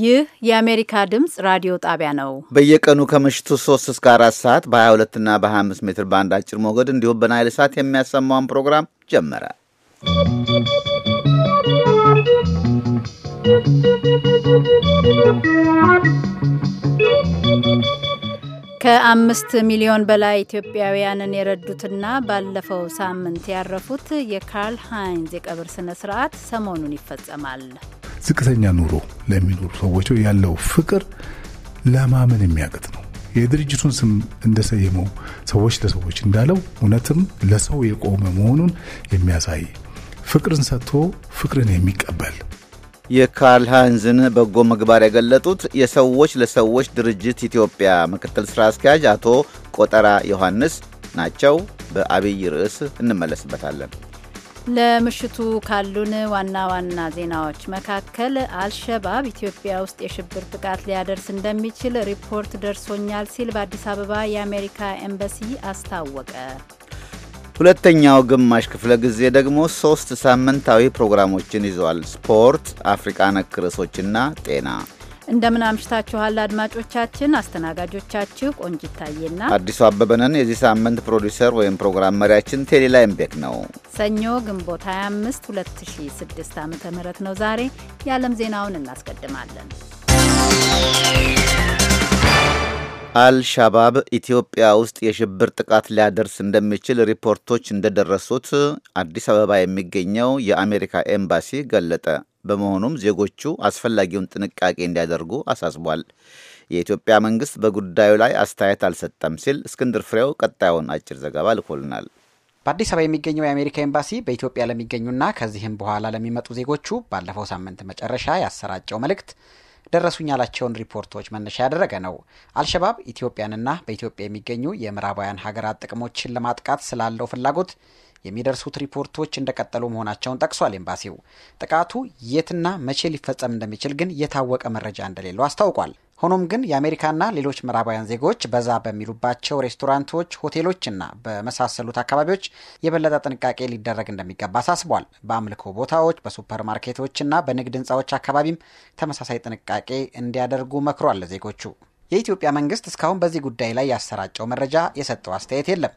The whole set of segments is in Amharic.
ይህ የአሜሪካ ድምፅ ራዲዮ ጣቢያ ነው። በየቀኑ ከምሽቱ 3 እስከ 4 ሰዓት በ 22 እና በ25 ሜትር ባንድ አጭር ሞገድ እንዲሁም በናይል ሰዓት የሚያሰማውን ፕሮግራም ጀመረ። ከአምስት ሚሊዮን በላይ ኢትዮጵያውያንን የረዱትና ባለፈው ሳምንት ያረፉት የካርል ሃይንዝ የቀብር ስነ ስርዓት ሰሞኑን ይፈጸማል። ዝቅተኛ ኑሮ ለሚኖሩ ሰዎች ያለው ፍቅር ለማመን የሚያቅት ነው። የድርጅቱን ስም እንደሰየመው ሰዎች ለሰዎች እንዳለው እውነትም ለሰው የቆመ መሆኑን የሚያሳይ ፍቅርን ሰጥቶ ፍቅርን የሚቀበል የካርል ሃንዝን በጎ ምግባር የገለጡት የሰዎች ለሰዎች ድርጅት ኢትዮጵያ ምክትል ሥራ አስኪያጅ አቶ ቆጠራ ዮሐንስ ናቸው። በአብይ ርዕስ እንመለስበታለን። ለምሽቱ ካሉን ዋና ዋና ዜናዎች መካከል አልሸባብ ኢትዮጵያ ውስጥ የሽብር ጥቃት ሊያደርስ እንደሚችል ሪፖርት ደርሶኛል ሲል በአዲስ አበባ የአሜሪካ ኤምባሲ አስታወቀ። ሁለተኛው ግማሽ ክፍለ ጊዜ ደግሞ ሶስት ሳምንታዊ ፕሮግራሞችን ይዘዋል። ስፖርት፣ አፍሪቃ ነክ ርዕሶችና ጤና እንደምን አምሽታችኋል አድማጮቻችን። አስተናጋጆቻችሁ ቆንጂት ታዬና አዲሱ አበበነን። የዚህ ሳምንት ፕሮዲውሰር ወይም ፕሮግራም መሪያችን ቴሌላይምቤክ ነው። ሰኞ ግንቦት 25 2006 ዓ ም ነው። ዛሬ የዓለም ዜናውን እናስቀድማለን። አልሻባብ ኢትዮጵያ ውስጥ የሽብር ጥቃት ሊያደርስ እንደሚችል ሪፖርቶች እንደደረሱት አዲስ አበባ የሚገኘው የአሜሪካ ኤምባሲ ገለጠ። በመሆኑም ዜጎቹ አስፈላጊውን ጥንቃቄ እንዲያደርጉ አሳስቧል። የኢትዮጵያ መንግስት በጉዳዩ ላይ አስተያየት አልሰጠም ሲል እስክንድር ፍሬው ቀጣዩን አጭር ዘገባ ልኮልናል። በአዲስ አበባ የሚገኘው የአሜሪካ ኤምባሲ በኢትዮጵያ ለሚገኙና ከዚህም በኋላ ለሚመጡ ዜጎቹ ባለፈው ሳምንት መጨረሻ ያሰራጨው መልእክት ደረሱኝ ያላቸውን ሪፖርቶች መነሻ ያደረገ ነው። አልሸባብ ኢትዮጵያንና በኢትዮጵያ የሚገኙ የምዕራባውያን ሀገራት ጥቅሞችን ለማጥቃት ስላለው ፍላጎት የሚደርሱት ሪፖርቶች እንደቀጠሉ መሆናቸውን ጠቅሷል። ኤምባሲው ጥቃቱ የትና መቼ ሊፈጸም እንደሚችል ግን የታወቀ መረጃ እንደሌለው አስታውቋል። ሆኖም ግን የአሜሪካና ሌሎች ምዕራባውያን ዜጎች በዛ በሚሉባቸው ሬስቶራንቶች፣ ሆቴሎችና በመሳሰሉት አካባቢዎች የበለጠ ጥንቃቄ ሊደረግ እንደሚገባ አሳስቧል። በአምልኮ ቦታዎች፣ በሱፐር ና በንግድ ህንፃዎች አካባቢም ተመሳሳይ ጥንቃቄ እንዲያደርጉ መክሯል። ዜጎቹ የኢትዮጵያ መንግስት እስካሁን በዚህ ጉዳይ ላይ ያሰራጨው መረጃ የሰጠው አስተያየት የለም።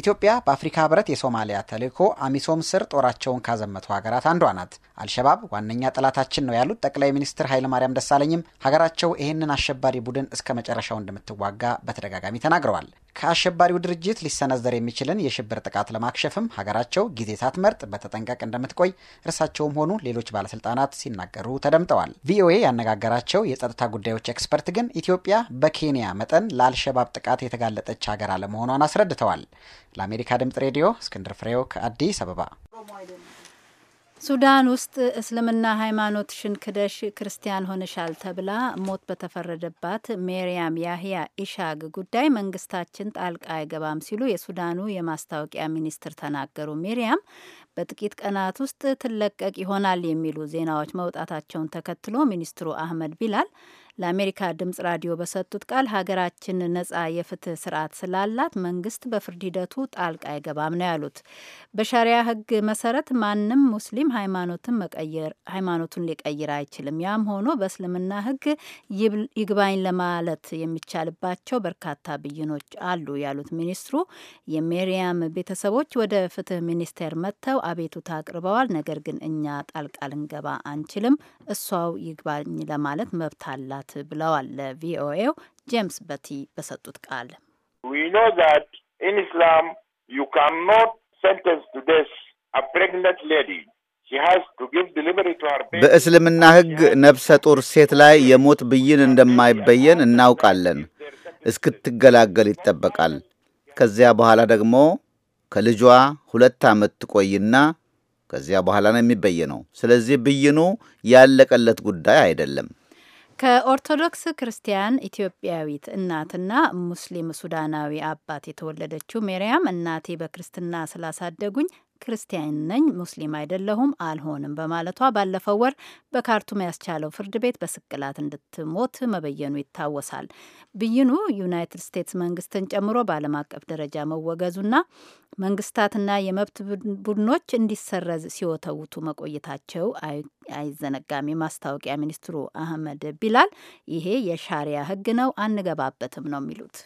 ኢትዮጵያ በአፍሪካ ህብረት የሶማሊያ ተልእኮ አሚሶም ስር ጦራቸውን ካዘመቱ ሀገራት አንዷ ናት። አልሸባብ ዋነኛ ጠላታችን ነው ያሉት ጠቅላይ ሚኒስትር ኃይለማርያም ደሳለኝም ሀገራቸው ይህንን አሸባሪ ቡድን እስከ መጨረሻው እንደምትዋጋ በተደጋጋሚ ተናግረዋል። ከአሸባሪው ድርጅት ሊሰነዘር የሚችልን የሽብር ጥቃት ለማክሸፍም ሀገራቸው ጊዜ ሳትመርጥ በተጠንቀቅ እንደምትቆይ እርሳቸውም ሆኑ ሌሎች ባለስልጣናት ሲናገሩ ተደምጠዋል። ቪኦኤ ያነጋገራቸው የጸጥታ ጉዳዮች ኤክስፐርት ግን ኢትዮጵያ በኬንያ መጠን ለአልሸባብ ጥቃት የተጋለጠች ሀገር አለመሆኗን አስረድተዋል። ለአሜሪካ ድምጽ ሬዲዮ እስክንድር ፍሬው ከአዲስ አበባ። ሱዳን ውስጥ እስልምና ሃይማኖት ሽንክደሽ ክርስቲያን ሆነሻል ተብላ ሞት በተፈረደባት ሜርያም ያህያ ኢሻግ ጉዳይ መንግስታችን ጣልቃ አይገባም ሲሉ የሱዳኑ የማስታወቂያ ሚኒስትር ተናገሩ። ሜርያም በጥቂት ቀናት ውስጥ ትለቀቅ ይሆናል የሚሉ ዜናዎች መውጣታቸውን ተከትሎ ሚኒስትሩ አህመድ ቢላል ለአሜሪካ ድምጽ ራዲዮ በሰጡት ቃል ሀገራችን ነጻ የፍትህ ስርዓት ስላላት መንግስት በፍርድ ሂደቱ ጣልቃ አይገባም ነው ያሉት። በሻሪያ ህግ መሰረት ማንም ሙስሊም ሃይማኖትን መቀየር ሃይማኖቱን ሊቀይር አይችልም። ያም ሆኖ በእስልምና ህግ ይግባኝ ለማለት የሚቻልባቸው በርካታ ብይኖች አሉ ያሉት ሚኒስትሩ የሜሪያም ቤተሰቦች ወደ ፍትህ ሚኒስቴር መጥተው አቤቱታ አቅርበዋል። ነገር ግን እኛ ጣልቃ ልንገባ አንችልም፣ እሷው ይግባኝ ለማለት መብት አላት ናት ብለዋል ለቪኦኤው ጄምስ በቲ በሰጡት ቃል። በእስልምና ሕግ ነፍሰ ጡር ሴት ላይ የሞት ብይን እንደማይበየን እናውቃለን። እስክትገላገል ይጠበቃል። ከዚያ በኋላ ደግሞ ከልጇ ሁለት ዓመት ትቆይና ከዚያ በኋላ ነው የሚበየነው። ስለዚህ ብይኑ ያለቀለት ጉዳይ አይደለም። ከኦርቶዶክስ ክርስቲያን ኢትዮጵያዊት እናትና ሙስሊም ሱዳናዊ አባት የተወለደችው ሜርያም እናቴ በክርስትና ስላሳደጉኝ ክርስቲያን ነኝ፣ ሙስሊም አይደለሁም፣ አልሆንም በማለቷ ባለፈው ወር በካርቱም ያስቻለው ፍርድ ቤት በስቅላት እንድትሞት መበየኑ ይታወሳል። ብይኑ ዩናይትድ ስቴትስ መንግስትን ጨምሮ በዓለም አቀፍ ደረጃ መወገዙና መንግስታትና የመብት ቡድኖች እንዲሰረዝ ሲወተውቱ መቆየታቸው አይዘነጋም። የማስታወቂያ ሚኒስትሩ አህመድ ቢላል ይሄ የሻሪያ ህግ ነው አንገባበትም ነው የሚሉት።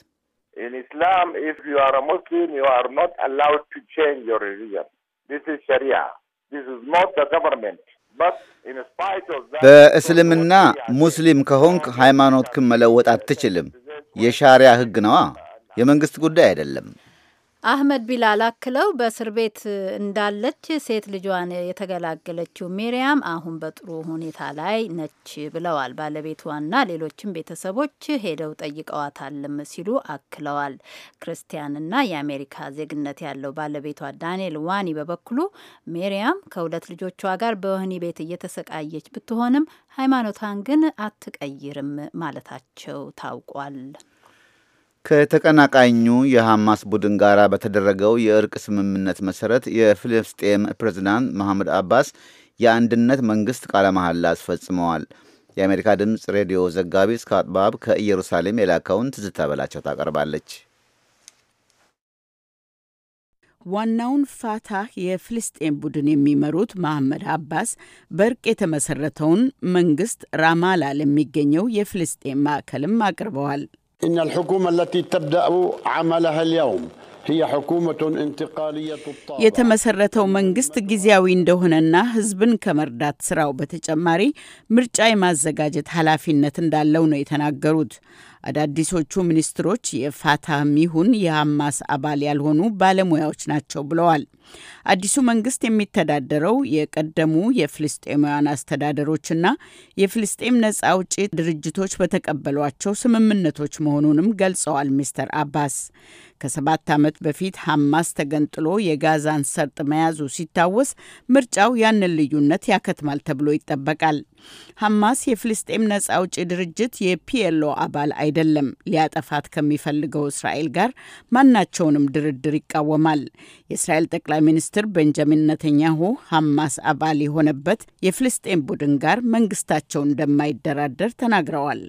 በእስልምና ሙስሊም ከሆንክ ሃይማኖትክን መለወጥ አትችልም። የሻሪያ ሕግ ነዋ። የመንግሥት ጉዳይ አይደለም። አህመድ ቢላል አክለው በእስር ቤት እንዳለች ሴት ልጇን የተገላገለችው ሚሪያም አሁን በጥሩ ሁኔታ ላይ ነች ብለዋል። ባለቤቷና ሌሎችም ቤተሰቦች ሄደው ጠይቀዋታልም ሲሉ አክለዋል። ክርስቲያንና የአሜሪካ ዜግነት ያለው ባለቤቷ ዳንኤል ዋኒ በበኩሉ ሚሪያም ከሁለት ልጆቿ ጋር በወህኒ ቤት እየተሰቃየች ብትሆንም ሃይማኖቷን ግን አትቀይርም ማለታቸው ታውቋል። ከተቀናቃኙ የሐማስ ቡድን ጋር በተደረገው የእርቅ ስምምነት መሰረት የፍልስጤም ፕሬዝዳንት መሐመድ አባስ የአንድነት መንግሥት ቃለ መሐላ አስፈጽመዋል። የአሜሪካ ድምፅ ሬዲዮ ዘጋቢ ስካት ባብ ከኢየሩሳሌም የላከውን ትዝታ በላቸው ታቀርባለች። ዋናውን ፋታህ የፍልስጤን ቡድን የሚመሩት መሐመድ አባስ በእርቅ የተመሰረተውን መንግስት ራማላ ለሚገኘው የፍልስጤን ማዕከልም አቅርበዋል። إن الحكومة التي تبدأ عملها اليوم የተመሰረተው መንግስት ጊዜያዊ እንደሆነና ህዝብን ከመርዳት ስራው በተጨማሪ ምርጫ የማዘጋጀት ኃላፊነት እንዳለው ነው የተናገሩት። አዳዲሶቹ ሚኒስትሮች የፋታ ይሁን የሐማስ አባል ያልሆኑ ባለሙያዎች ናቸው ብለዋል። አዲሱ መንግስት የሚተዳደረው የቀደሙ የፍልስጤማውያን አስተዳደሮችና የፍልስጤም ነጻ አውጪ ድርጅቶች በተቀበሏቸው ስምምነቶች መሆኑንም ገልጸዋል። ሚስተር አባስ ከሰባት ዓመት በፊት ሐማስ ተገንጥሎ የጋዛን ሰርጥ መያዙ ሲታወስ ምርጫው ያንን ልዩነት ያከትማል ተብሎ ይጠበቃል። ሐማስ የፍልስጤም ነጻ አውጪ ድርጅት የፒኤልኦ አባል አይደለም። ሊያጠፋት ከሚፈልገው እስራኤል ጋር ማናቸውንም ድርድር ይቃወማል። የእስራኤል ጠቅላይ ሚኒስትር ቤንጃሚን ነተኛሁ ሐማስ አባል የሆነበት የፍልስጤም ቡድን ጋር መንግስታቸው እንደማይደራደር ተናግረዋል።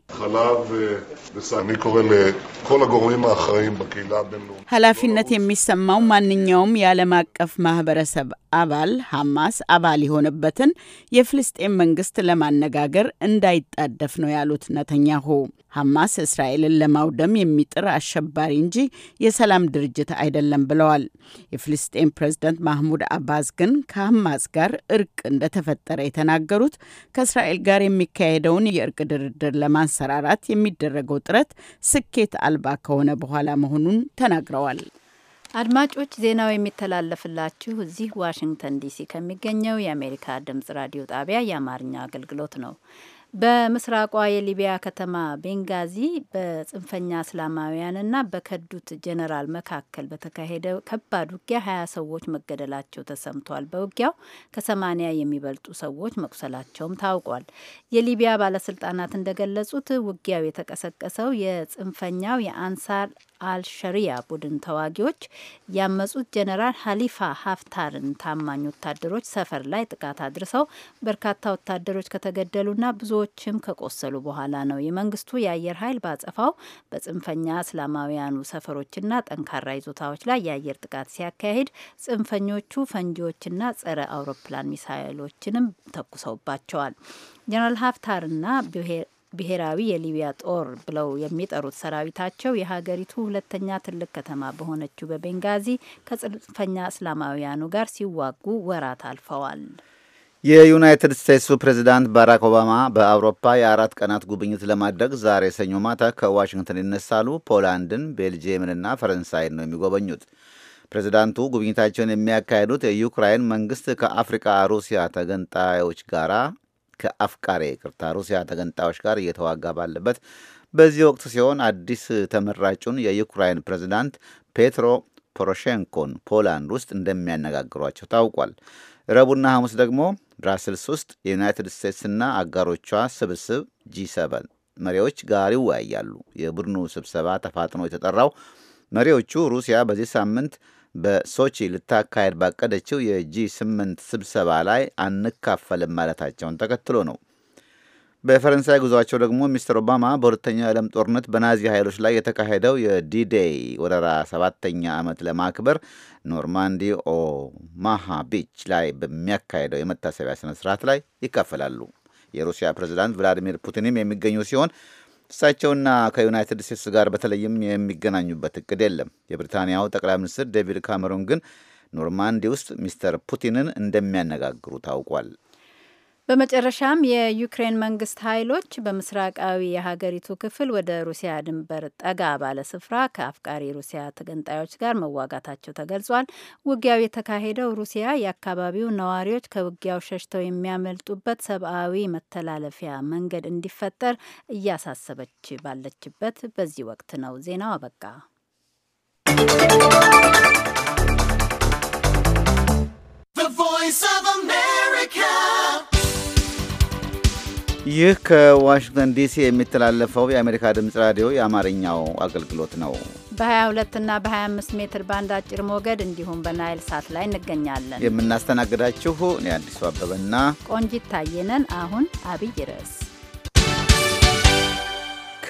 ኃላፊነት የሚሰማው ማንኛውም የዓለም አቀፍ ማህበረሰብ አባል ሐማስ አባል የሆነበትን የፍልስጤም መንግስት ለማ ለማነጋገር እንዳይጣደፍ ነው ያሉት ነተኛሁ። ሐማስ እስራኤልን ለማውደም የሚጥር አሸባሪ እንጂ የሰላም ድርጅት አይደለም ብለዋል። የፍልስጤን ፕሬዝደንት ማህሙድ አባስ ግን ከሐማስ ጋር እርቅ እንደተፈጠረ የተናገሩት ከእስራኤል ጋር የሚካሄደውን የእርቅ ድርድር ለማንሰራራት የሚደረገው ጥረት ስኬት አልባ ከሆነ በኋላ መሆኑን ተናግረዋል። አድማጮች ዜናው የሚተላለፍላችሁ እዚህ ዋሽንግተን ዲሲ ከሚገኘው የአሜሪካ ድምጽ ራዲዮ ጣቢያ የአማርኛ አገልግሎት ነው። በምስራቋ የሊቢያ ከተማ ቤንጋዚ በጽንፈኛ እስላማውያንና በከዱት ጀነራል መካከል በተካሄደ ከባድ ውጊያ ሀያ ሰዎች መገደላቸው ተሰምቷል። በውጊያው ከሰማኒያ የሚበልጡ ሰዎች መቁሰላቸውም ታውቋል። የሊቢያ ባለስልጣናት እንደገለጹት ውጊያው የተቀሰቀሰው የጽንፈኛው የአንሳር አልሸሪያ ቡድን ተዋጊዎች ያመጹት ጀነራል ሀሊፋ ሀፍታርን ታማኝ ወታደሮች ሰፈር ላይ ጥቃት አድርሰው በርካታ ወታደሮች ከተገደሉና ብዙዎችም ከቆሰሉ በኋላ ነው። የመንግስቱ የአየር ኃይል ባጸፋው በጽንፈኛ እስላማውያኑ ሰፈሮችና ጠንካራ ይዞታዎች ላይ የአየር ጥቃት ሲያካሂድ ጽንፈኞቹ ፈንጂዎችና ጸረ አውሮፕላን ሚሳይሎችንም ተኩሰውባቸዋል። ጀነራል ሀፍታርና ብሔራዊ የሊቢያ ጦር ብለው የሚጠሩት ሰራዊታቸው የሀገሪቱ ሁለተኛ ትልቅ ከተማ በሆነችው በቤንጋዚ ከጽንፈኛ እስላማውያኑ ጋር ሲዋጉ ወራት አልፈዋል። የዩናይትድ ስቴትሱ ፕሬዚዳንት ባራክ ኦባማ በአውሮፓ የአራት ቀናት ጉብኝት ለማድረግ ዛሬ ሰኞ ማታ ከዋሽንግተን ይነሳሉ። ፖላንድን፣ ቤልጅየምንና ፈረንሳይን ነው የሚጎበኙት። ፕሬዚዳንቱ ጉብኝታቸውን የሚያካሂዱት የዩክራይን መንግስት ከአፍሪካ ሩሲያ ተገንጣዮች ጋራ ከአፍቃሬ ቅርታ ሩሲያ ተገንጣዮች ጋር እየተዋጋ ባለበት በዚህ ወቅት ሲሆን አዲስ ተመራጩን የዩክራይን ፕሬዚዳንት ፔትሮ ፖሮሼንኮን ፖላንድ ውስጥ እንደሚያነጋግሯቸው ታውቋል። ረቡና ሐሙስ ደግሞ ብራስልስ ውስጥ የዩናይትድ ስቴትስና አጋሮቿ ስብስብ ጂ7 መሪዎች ጋር ይወያያሉ። የቡድኑ ስብሰባ ተፋጥኖ የተጠራው መሪዎቹ ሩሲያ በዚህ ሳምንት በሶቺ ልታካሄድ ባቀደችው የጂ ስምንት ስብሰባ ላይ አንካፈልም ማለታቸውን ተከትሎ ነው። በፈረንሳይ ጉዟቸው ደግሞ ሚስተር ኦባማ በሁለተኛው የዓለም ጦርነት በናዚ ኃይሎች ላይ የተካሄደው የዲዴይ ወረራ ሰባተኛ ዓመት ለማክበር ኖርማንዲ ኦማሃ ቢች ላይ በሚያካሄደው የመታሰቢያ ስነ ስርዓት ላይ ይካፈላሉ። የሩሲያ ፕሬዚዳንት ቭላዲሚር ፑቲንም የሚገኙ ሲሆን እሳቸውና ከዩናይትድ ስቴትስ ጋር በተለይም የሚገናኙበት እቅድ የለም። የብሪታንያው ጠቅላይ ሚኒስትር ዴቪድ ካሜሮን ግን ኖርማንዲ ውስጥ ሚስተር ፑቲንን እንደሚያነጋግሩ ታውቋል። በመጨረሻም የዩክሬን መንግስት ኃይሎች በምስራቃዊ የሀገሪቱ ክፍል ወደ ሩሲያ ድንበር ጠጋ ባለ ስፍራ ከአፍቃሪ ሩሲያ ተገንጣዮች ጋር መዋጋታቸው ተገልጿል። ውጊያው የተካሄደው ሩሲያ የአካባቢው ነዋሪዎች ከውጊያው ሸሽተው የሚያመልጡበት ሰብአዊ መተላለፊያ መንገድ እንዲፈጠር እያሳሰበች ባለችበት በዚህ ወቅት ነው። ዜናው አበቃ። America ይህ ከዋሽንግተን ዲሲ የሚተላለፈው የአሜሪካ ድምፅ ራዲዮ የአማርኛው አገልግሎት ነው። በ22 እና በ25 ሜትር ባንድ አጭር ሞገድ እንዲሁም በናይል ሳት ላይ እንገኛለን። የምናስተናግዳችሁ እኔ አዲሱ አበበና ቆንጂት ታየነን። አሁን አብይ ርዕስ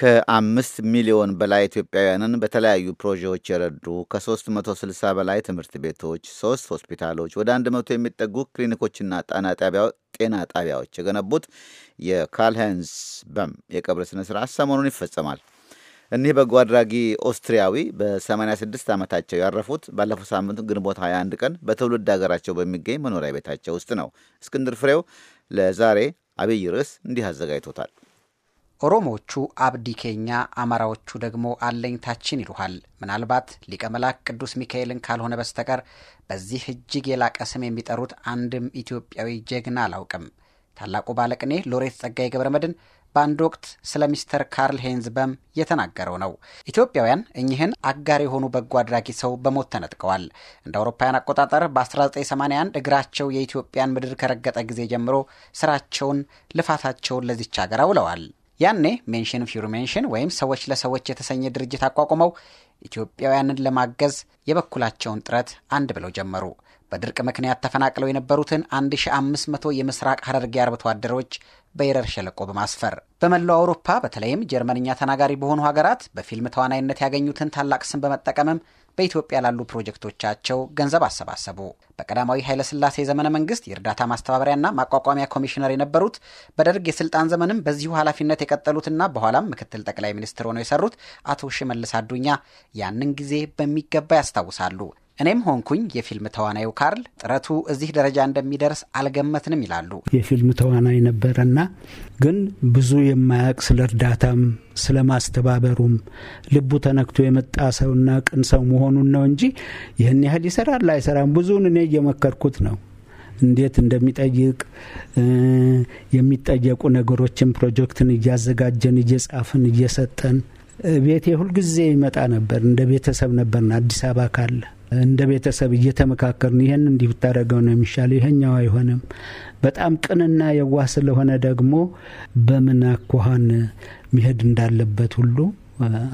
ከአምስት ሚሊዮን በላይ ኢትዮጵያውያንን በተለያዩ ፕሮጀክቶች የረዱ ከ360 በላይ ትምህርት ቤቶች፣ ሶስት ሆስፒታሎች፣ ወደ 100 የሚጠጉ ክሊኒኮችና ጤና ጣቢያዎች የገነቡት የካልሄንስ በም የቀብር ስነ ስርዓት ሰሞኑን ይፈጸማል። እኒህ በጎ አድራጊ ኦስትሪያዊ በ86 ዓመታቸው ያረፉት ባለፈው ሳምንት ግንቦት 21 ቀን በትውልድ ሀገራቸው በሚገኝ መኖሪያ ቤታቸው ውስጥ ነው። እስክንድር ፍሬው ለዛሬ አብይ ርዕስ እንዲህ አዘጋጅቶታል። ኦሮሞዎቹ አብዲ ኬኛ፣ አማራዎቹ ደግሞ አለኝታችን ይሉሃል። ምናልባት ሊቀ መላክ ቅዱስ ሚካኤልን ካልሆነ በስተቀር በዚህ እጅግ የላቀ ስም የሚጠሩት አንድም ኢትዮጵያዊ ጀግና አላውቅም። ታላቁ ባለቅኔ ሎሬት ጸጋዬ ገብረ መድን በአንድ ወቅት ስለ ሚስተር ካርል ሄንዝ በም የተናገረው ነው። ኢትዮጵያውያን እኚህን አጋር የሆኑ በጎ አድራጊ ሰው በሞት ተነጥቀዋል። እንደ አውሮፓውያን አቆጣጠር በ1981 እግራቸው የኢትዮጵያን ምድር ከረገጠ ጊዜ ጀምሮ ስራቸውን፣ ልፋታቸውን ለዚች ሀገር አውለዋል። ያኔ ሜንሽን ፊር ሜንሽን ወይም ሰዎች ለሰዎች የተሰኘ ድርጅት አቋቁመው ኢትዮጵያውያንን ለማገዝ የበኩላቸውን ጥረት አንድ ብለው ጀመሩ። በድርቅ ምክንያት ተፈናቅለው የነበሩትን 1500 የምስራቅ ሀረርጌ አርብቶ አደሮች በይረር ሸለቆ በማስፈር በመላው አውሮፓ በተለይም ጀርመንኛ ተናጋሪ በሆኑ ሀገራት በፊልም ተዋናይነት ያገኙትን ታላቅ ስም በመጠቀምም በኢትዮጵያ ላሉ ፕሮጀክቶቻቸው ገንዘብ አሰባሰቡ። በቀዳማዊ ኃይለስላሴ ዘመነ መንግስት የእርዳታ ማስተባበሪያና ማቋቋሚያ ኮሚሽነር የነበሩት በደርግ የስልጣን ዘመንም በዚሁ ኃላፊነት የቀጠሉትና በኋላም ምክትል ጠቅላይ ሚኒስትር ሆነው የሰሩት አቶ ሽመልስ አዱኛ ያንን ጊዜ በሚገባ ያስታውሳሉ። እኔም ሆንኩኝ የፊልም ተዋናዩ ካርል ጥረቱ እዚህ ደረጃ እንደሚደርስ አልገመትንም ይላሉ። የፊልም ተዋናይ ነበረና ግን ብዙ የማያውቅ ስለ እርዳታም ስለ ማስተባበሩም ልቡ ተነክቶ የመጣ ሰውና ቅን ሰው መሆኑን ነው እንጂ ይህን ያህል ይሰራል አይሰራም፣ ብዙውን እኔ እየመከርኩት ነው እንዴት እንደሚጠይቅ የሚጠየቁ ነገሮችን ፕሮጀክትን እያዘጋጀን እየጻፍን እየሰጠን ቤቴ ሁልጊዜ ይመጣ ነበር። እንደ ቤተሰብ ነበርና አዲስ አበባ ካለ እንደ ቤተሰብ እየተመካከርን ይህን እንዲህ ብታደርገው ነው የሚሻለው፣ ይሄኛው አይሆንም። በጣም ቅንና የዋ ስለሆነ ደግሞ በምን አኳኋን መሄድ እንዳለበት ሁሉ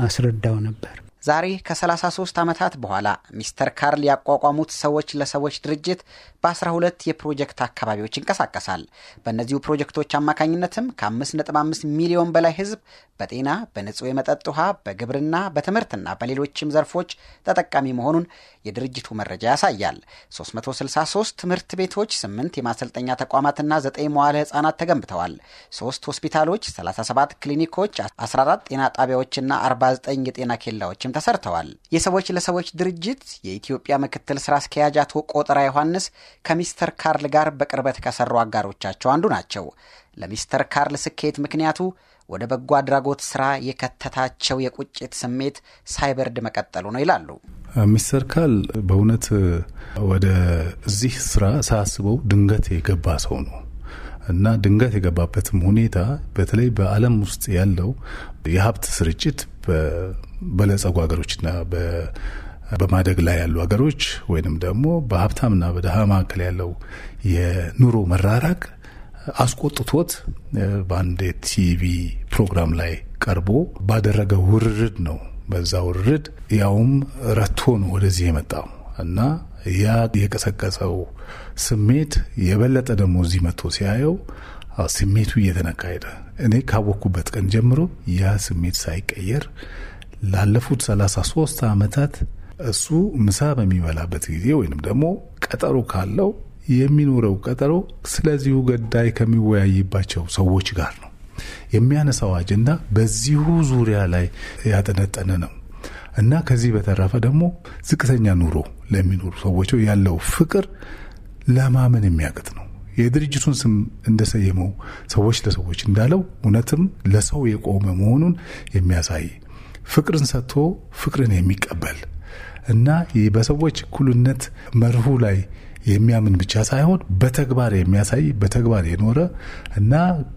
አስረዳው ነበር። ዛሬ ከ33 ዓመታት በኋላ ሚስተር ካርል ያቋቋሙት ሰዎች ለሰዎች ድርጅት በ12 የፕሮጀክት አካባቢዎች ይንቀሳቀሳል። በእነዚሁ ፕሮጀክቶች አማካኝነትም ከ5.5 ሚሊዮን በላይ ሕዝብ በጤና፣ በንጹህ የመጠጥ ውሃ፣ በግብርና፣ በትምህርትና በሌሎችም ዘርፎች ተጠቃሚ መሆኑን የድርጅቱ መረጃ ያሳያል። 363 ትምህርት ቤቶች፣ 8 የማሰልጠኛ ተቋማትና 9 መዋለ ሕጻናት ተገንብተዋል። 3 ሆስፒታሎች፣ 37 ክሊኒኮች፣ 14 ጤና ጣቢያዎችና 49 የጤና ኬላዎች ስራዎችም ተሰርተዋል። የሰዎች ለሰዎች ድርጅት የኢትዮጵያ ምክትል ስራ አስኪያጅ አቶ ቆጠራ ዮሐንስ ከሚስተር ካርል ጋር በቅርበት ከሰሩ አጋሮቻቸው አንዱ ናቸው። ለሚስተር ካርል ስኬት ምክንያቱ ወደ በጎ አድራጎት ስራ የከተታቸው የቁጭት ስሜት ሳይበርድ መቀጠሉ ነው ይላሉ። ሚስተር ካል በእውነት ወደዚህ ስራ ሳያስበው ድንገት የገባ ሰው ነው እና ድንገት የገባበትም ሁኔታ በተለይ በዓለም ውስጥ ያለው የሀብት ስርጭት በለጸጉ ሀገሮችና በማደግ ላይ ያሉ ሀገሮች ወይንም ደግሞ በሀብታምና በድሃ መካከል ያለው የኑሮ መራራቅ አስቆጥቶት በአንድ ቲቪ ፕሮግራም ላይ ቀርቦ ባደረገ ውርርድ ነው። በዛ ውርርድ ያውም ረቶ ነው ወደዚህ የመጣው እና ያ የቀሰቀሰው ስሜት የበለጠ ደግሞ እዚህ መጥቶ ሲያየው ስሜቱ እየተነካ ሄደ። እኔ ካወቅኩበት ቀን ጀምሮ ያ ስሜት ሳይቀየር ላለፉት 33 ዓመታት እሱ ምሳ በሚበላበት ጊዜ ወይንም ደግሞ ቀጠሮ ካለው የሚኖረው ቀጠሮ ስለዚሁ ገዳይ ከሚወያይባቸው ሰዎች ጋር ነው። የሚያነሳው አጀንዳ በዚሁ ዙሪያ ላይ ያጠነጠነ ነው እና ከዚህ በተረፈ ደግሞ ዝቅተኛ ኑሮ ለሚኖሩ ሰዎች ያለው ፍቅር ለማመን የሚያቅት ነው። የድርጅቱን ስም እንደሰየመው ሰዎች ለሰዎች እንዳለው እውነትም ለሰው የቆመ መሆኑን የሚያሳይ ፍቅርን ሰጥቶ ፍቅርን የሚቀበል እና በሰዎች እኩልነት መርሁ ላይ የሚያምን ብቻ ሳይሆን በተግባር የሚያሳይ በተግባር የኖረ እና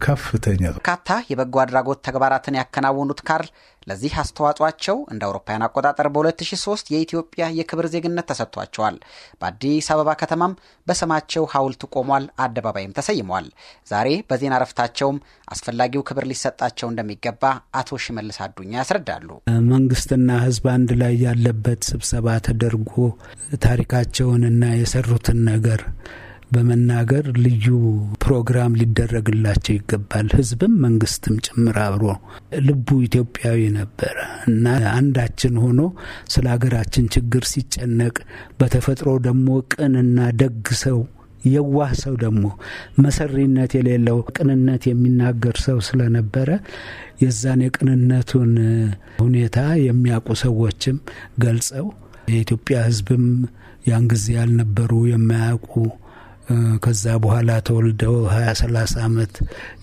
ከፍተኛ በርካታ የበጎ አድራጎት ተግባራትን ያከናወኑት ካርል ለዚህ አስተዋጽቸው እንደ አውሮፓውያን አቆጣጠር በ2003 የኢትዮጵያ የክብር ዜግነት ተሰጥቷቸዋል። በአዲስ አበባ ከተማም በስማቸው ሐውልት ቆሟል፣ አደባባይም ተሰይመዋል። ዛሬ በዜና እረፍታቸውም አስፈላጊው ክብር ሊሰጣቸው እንደሚገባ አቶ ሽመልስ አዱኛ ያስረዳሉ። መንግስትና ህዝብ አንድ ላይ ያለበት ስብሰባ ተደርጎ ታሪካቸውንና የሰሩትን ነገር በመናገር ልዩ ፕሮግራም ሊደረግላቸው ይገባል። ህዝብም መንግስትም ጭምር አብሮ ልቡ ኢትዮጵያዊ ነበረ እና አንዳችን ሆኖ ስለ ሀገራችን ችግር ሲጨነቅ በተፈጥሮ ደግሞ ቅንና ደግ ሰው የዋህ ሰው ደግሞ መሰሪነት የሌለው ቅንነት የሚናገር ሰው ስለነበረ የዛን የቅንነቱን ሁኔታ የሚያውቁ ሰዎችም ገልጸው የኢትዮጵያ ህዝብም ያን ጊዜ ያልነበሩ የማያውቁ ከዛ በኋላ ተወልደው ሀያ ሰላሳ ዓመት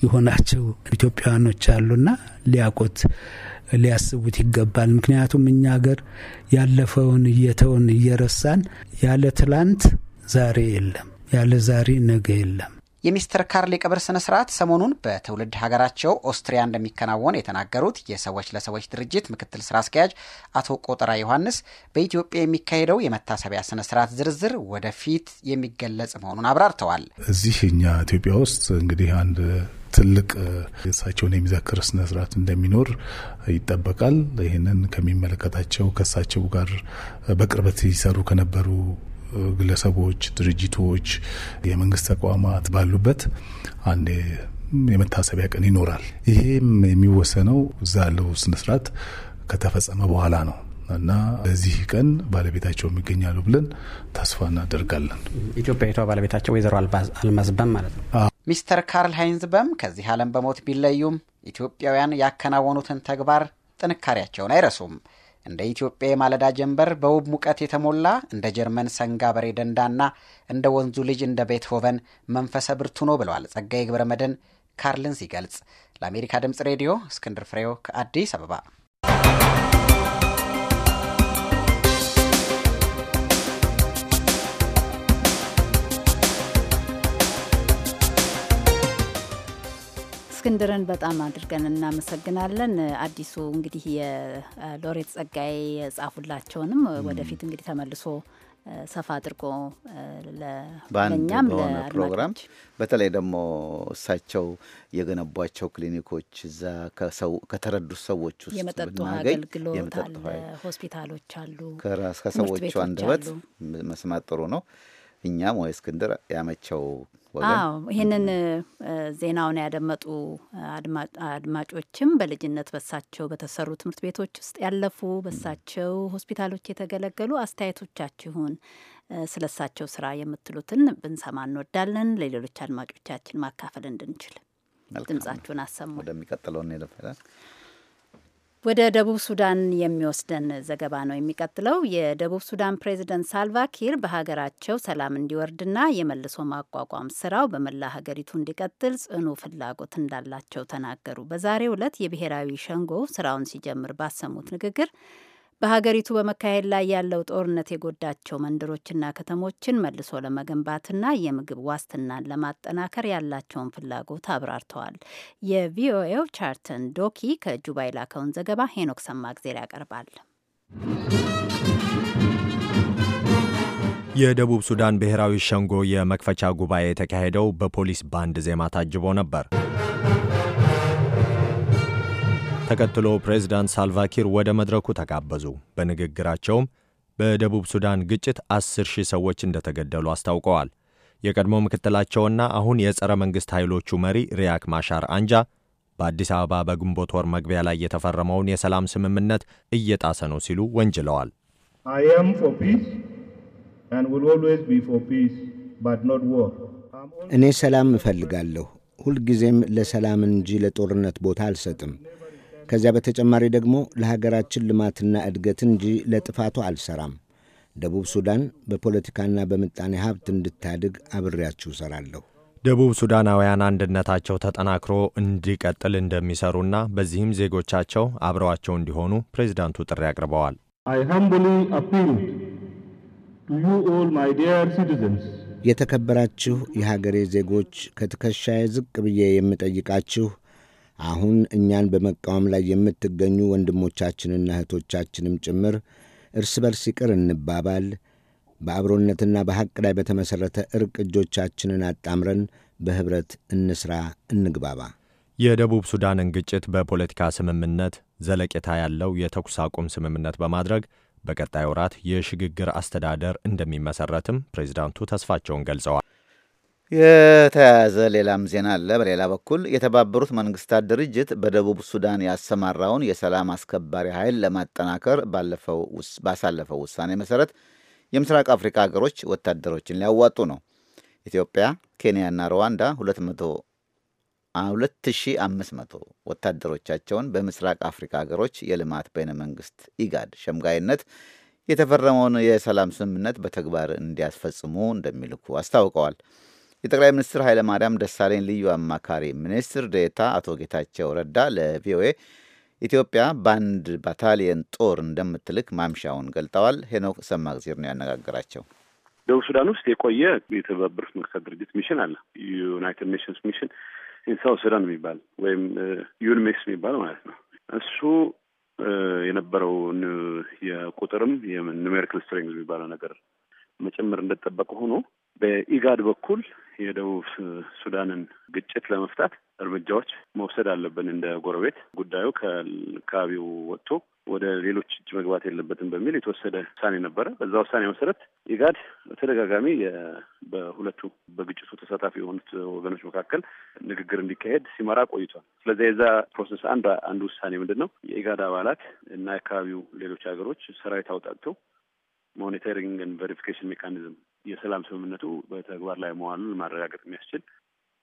የሆናቸው ኢትዮጵያውያኖች አሉና ሊያውቁት ሊያስቡት ይገባል። ምክንያቱም እኛ ሀገር ያለፈውን እየተውን እየረሳን ያለ ትላንት ዛሬ የለም፣ ያለ ዛሬ ነገ የለም። የሚስተር ካርል የቀብር ስነ ስርዓት ሰሞኑን በትውልድ ሀገራቸው ኦስትሪያ እንደሚከናወን የተናገሩት የሰዎች ለሰዎች ድርጅት ምክትል ስራ አስኪያጅ አቶ ቆጠራ ዮሐንስ በኢትዮጵያ የሚካሄደው የመታሰቢያ ስነ ስርዓት ዝርዝር ወደፊት የሚገለጽ መሆኑን አብራርተዋል። እዚህ እኛ ኢትዮጵያ ውስጥ እንግዲህ አንድ ትልቅ እሳቸውን የሚዘክር ስነ ስርዓት እንደሚኖር ይጠበቃል። ይህንን ከሚመለከታቸው ከእሳቸው ጋር በቅርበት ይሰሩ ከነበሩ ግለሰቦች፣ ድርጅቶች፣ የመንግስት ተቋማት ባሉበት አንድ የመታሰቢያ ቀን ይኖራል። ይሄም የሚወሰነው እዛ ያለው ስነስርዓት ከተፈጸመ በኋላ ነው እና በዚህ ቀን ባለቤታቸው የሚገኛሉ ብለን ተስፋ እናደርጋለን። ኢትዮጵያዊቷ ባለቤታቸው ወይዘሮ አልማዝ በም ማለት ነው። ሚስተር ካርል ሃይንዝ በም ከዚህ ዓለም በሞት ቢለዩም ኢትዮጵያውያን ያከናወኑትን ተግባር ጥንካሬያቸውን አይረሱም። እንደ ኢትዮጵያ የማለዳ ጀንበር በውብ ሙቀት የተሞላ እንደ ጀርመን ሰንጋ በሬ ደንዳና እንደ ወንዙ ልጅ እንደ ቤትሆቨን መንፈሰ ብርቱ ነው ብለዋል ጸጋዬ ገብረ መድን ካርልን ሲገልጽ። ለአሜሪካ ድምፅ ሬዲዮ እስክንድር ፍሬው ከአዲስ አበባ እስክንድርን በጣም አድርገን እናመሰግናለን። አዲሱ እንግዲህ የሎሬት ጸጋዬ የጻፉላቸውንም ወደፊት እንግዲህ ተመልሶ ሰፋ አድርጎ ለኛም ፕሮግራም በተለይ ደግሞ እሳቸው የገነቧቸው ክሊኒኮች እዛ ከተረዱት ሰዎች ውስጥ የመጠጥ አገልግሎት ሆስፒታሎች አሉ። ከራስ ከሰዎቹ አንደበት መስማት ጥሩ ነው። እኛም ወይ እስክንድር ያመቸው ይህንን ዜናውን ያደመጡ አድማጮችም በልጅነት በሳቸው በተሰሩ ትምህርት ቤቶች ውስጥ ያለፉ በሳቸው ሆስፒታሎች የተገለገሉ አስተያየቶቻችሁን ስለሳቸው ስራ የምትሉትን ብንሰማ እንወዳለን፣ ለሌሎች አድማጮቻችን ማካፈል እንድንችል ድምጻችሁን አሰሙ። ወደሚቀጥለው ወደ ደቡብ ሱዳን የሚወስደን ዘገባ ነው የሚቀጥለው። የደቡብ ሱዳን ፕሬዝደንት ሳልቫ ኪር በሀገራቸው ሰላም እንዲወርድና የመልሶ ማቋቋም ስራው በመላ ሀገሪቱ እንዲቀጥል ጽኑ ፍላጎት እንዳላቸው ተናገሩ። በዛሬው ዕለት የብሔራዊ ሸንጎ ስራውን ሲጀምር ባሰሙት ንግግር በሀገሪቱ በመካሄድ ላይ ያለው ጦርነት የጎዳቸው መንደሮችና ከተሞችን መልሶ ለመገንባትና የምግብ ዋስትናን ለማጠናከር ያላቸውን ፍላጎት አብራርተዋል። የቪኦኤው ቻርተን ዶኪ ከጁባ የላከውን ዘገባ ሄኖክ ሰማግዜር ያቀርባል። የደቡብ ሱዳን ብሔራዊ ሸንጎ የመክፈቻ ጉባኤ የተካሄደው በፖሊስ ባንድ ዜማ ታጅቦ ነበር። ተከትሎ ፕሬዚዳንት ሳልቫኪር ወደ መድረኩ ተጋበዙ። በንግግራቸውም በደቡብ ሱዳን ግጭት አስር ሺህ ሰዎች እንደተገደሉ አስታውቀዋል። የቀድሞ ምክትላቸውና አሁን የጸረ መንግሥት ኃይሎቹ መሪ ሪያክ ማሻር አንጃ በአዲስ አበባ በግንቦት ወር መግቢያ ላይ የተፈረመውን የሰላም ስምምነት እየጣሰ ነው ሲሉ ወንጅለዋል። እኔ ሰላም እፈልጋለሁ። ሁልጊዜም ለሰላም እንጂ ለጦርነት ቦታ አልሰጥም። ከዚያ በተጨማሪ ደግሞ ለሀገራችን ልማትና እድገት እንጂ ለጥፋቱ አልሰራም። ደቡብ ሱዳን በፖለቲካና በምጣኔ ሀብት እንድታድግ አብሬያችሁ እሰራለሁ። ደቡብ ሱዳናውያን አንድነታቸው ተጠናክሮ እንዲቀጥል እንደሚሰሩና በዚህም ዜጎቻቸው አብረዋቸው እንዲሆኑ ፕሬዚዳንቱ ጥሪ አቅርበዋል። የተከበራችሁ የሀገሬ ዜጎች ከትከሻዬ ዝቅ ብዬ የምጠይቃችሁ አሁን እኛን በመቃወም ላይ የምትገኙ ወንድሞቻችንና እህቶቻችንም ጭምር እርስ በርስ ይቅር እንባባል፣ በአብሮነትና በሐቅ ላይ በተመሠረተ እርቅ እጆቻችንን አጣምረን በኅብረት እንስራ፣ እንግባባ። የደቡብ ሱዳንን ግጭት በፖለቲካ ስምምነት ዘለቄታ ያለው የተኩስ አቁም ስምምነት በማድረግ በቀጣይ ወራት የሽግግር አስተዳደር እንደሚመሠረትም ፕሬዚዳንቱ ተስፋቸውን ገልጸዋል። የተያያዘ ሌላም ዜና አለ። በሌላ በኩል የተባበሩት መንግስታት ድርጅት በደቡብ ሱዳን ያሰማራውን የሰላም አስከባሪ ኃይል ለማጠናከር ባሳለፈው ውሳኔ መሰረት የምስራቅ አፍሪካ ሀገሮች ወታደሮችን ሊያዋጡ ነው። ኢትዮጵያ፣ ኬንያና ሩዋንዳ 2500 ወታደሮቻቸውን በምስራቅ አፍሪካ ሀገሮች የልማት በይነ መንግስት ኢጋድ ሸምጋይነት የተፈረመውን የሰላም ስምምነት በተግባር እንዲያስፈጽሙ እንደሚልኩ አስታውቀዋል። የጠቅላይ ሚኒስትር ኃይለማርያም ደሳለኝ ልዩ አማካሪ ሚኒስትር ዴታ አቶ ጌታቸው ረዳ ለቪኦኤ ኢትዮጵያ በአንድ ባታሊየን ጦር እንደምትልክ ማምሻውን ገልጠዋል። ሄኖክ ሰማግዜር ነው ያነጋገራቸው። ደቡብ ሱዳን ውስጥ የቆየ የተባበሩት መንግስታት ድርጅት ሚሽን አለ። ዩናይትድ ኔሽንስ ሚሽን ኢንሳውት ሱዳን የሚባል ወይም ዩንሜስ የሚባል ማለት ነው። እሱ የነበረውን የቁጥርም ኒሜሪካል ስትሬንግ የሚባለው ነገር መጨመር እንደጠበቀ ሆኖ በኢጋድ በኩል የደቡብ ሱዳንን ግጭት ለመፍታት እርምጃዎች መውሰድ አለብን እንደ ጎረቤት። ጉዳዩ ከአካባቢው ወጥቶ ወደ ሌሎች እጅ መግባት የለበትም በሚል የተወሰደ ውሳኔ ነበረ። በዛ ውሳኔ መሰረት ኢጋድ በተደጋጋሚ በሁለቱ በግጭቱ ተሳታፊ የሆኑት ወገኖች መካከል ንግግር እንዲካሄድ ሲመራ ቆይቷል። ስለዚህ የዛ ፕሮሰስ አንድ አንድ ውሳኔ ምንድን ነው? የኢጋድ አባላት እና የአካባቢው ሌሎች ሀገሮች ሰራዊት አውጣጥተው ሞኒተሪንግ ቨሪፊኬሽን ሜካኒዝም የሰላም ስምምነቱ በተግባር ላይ መዋሉን ማረጋገጥ የሚያስችል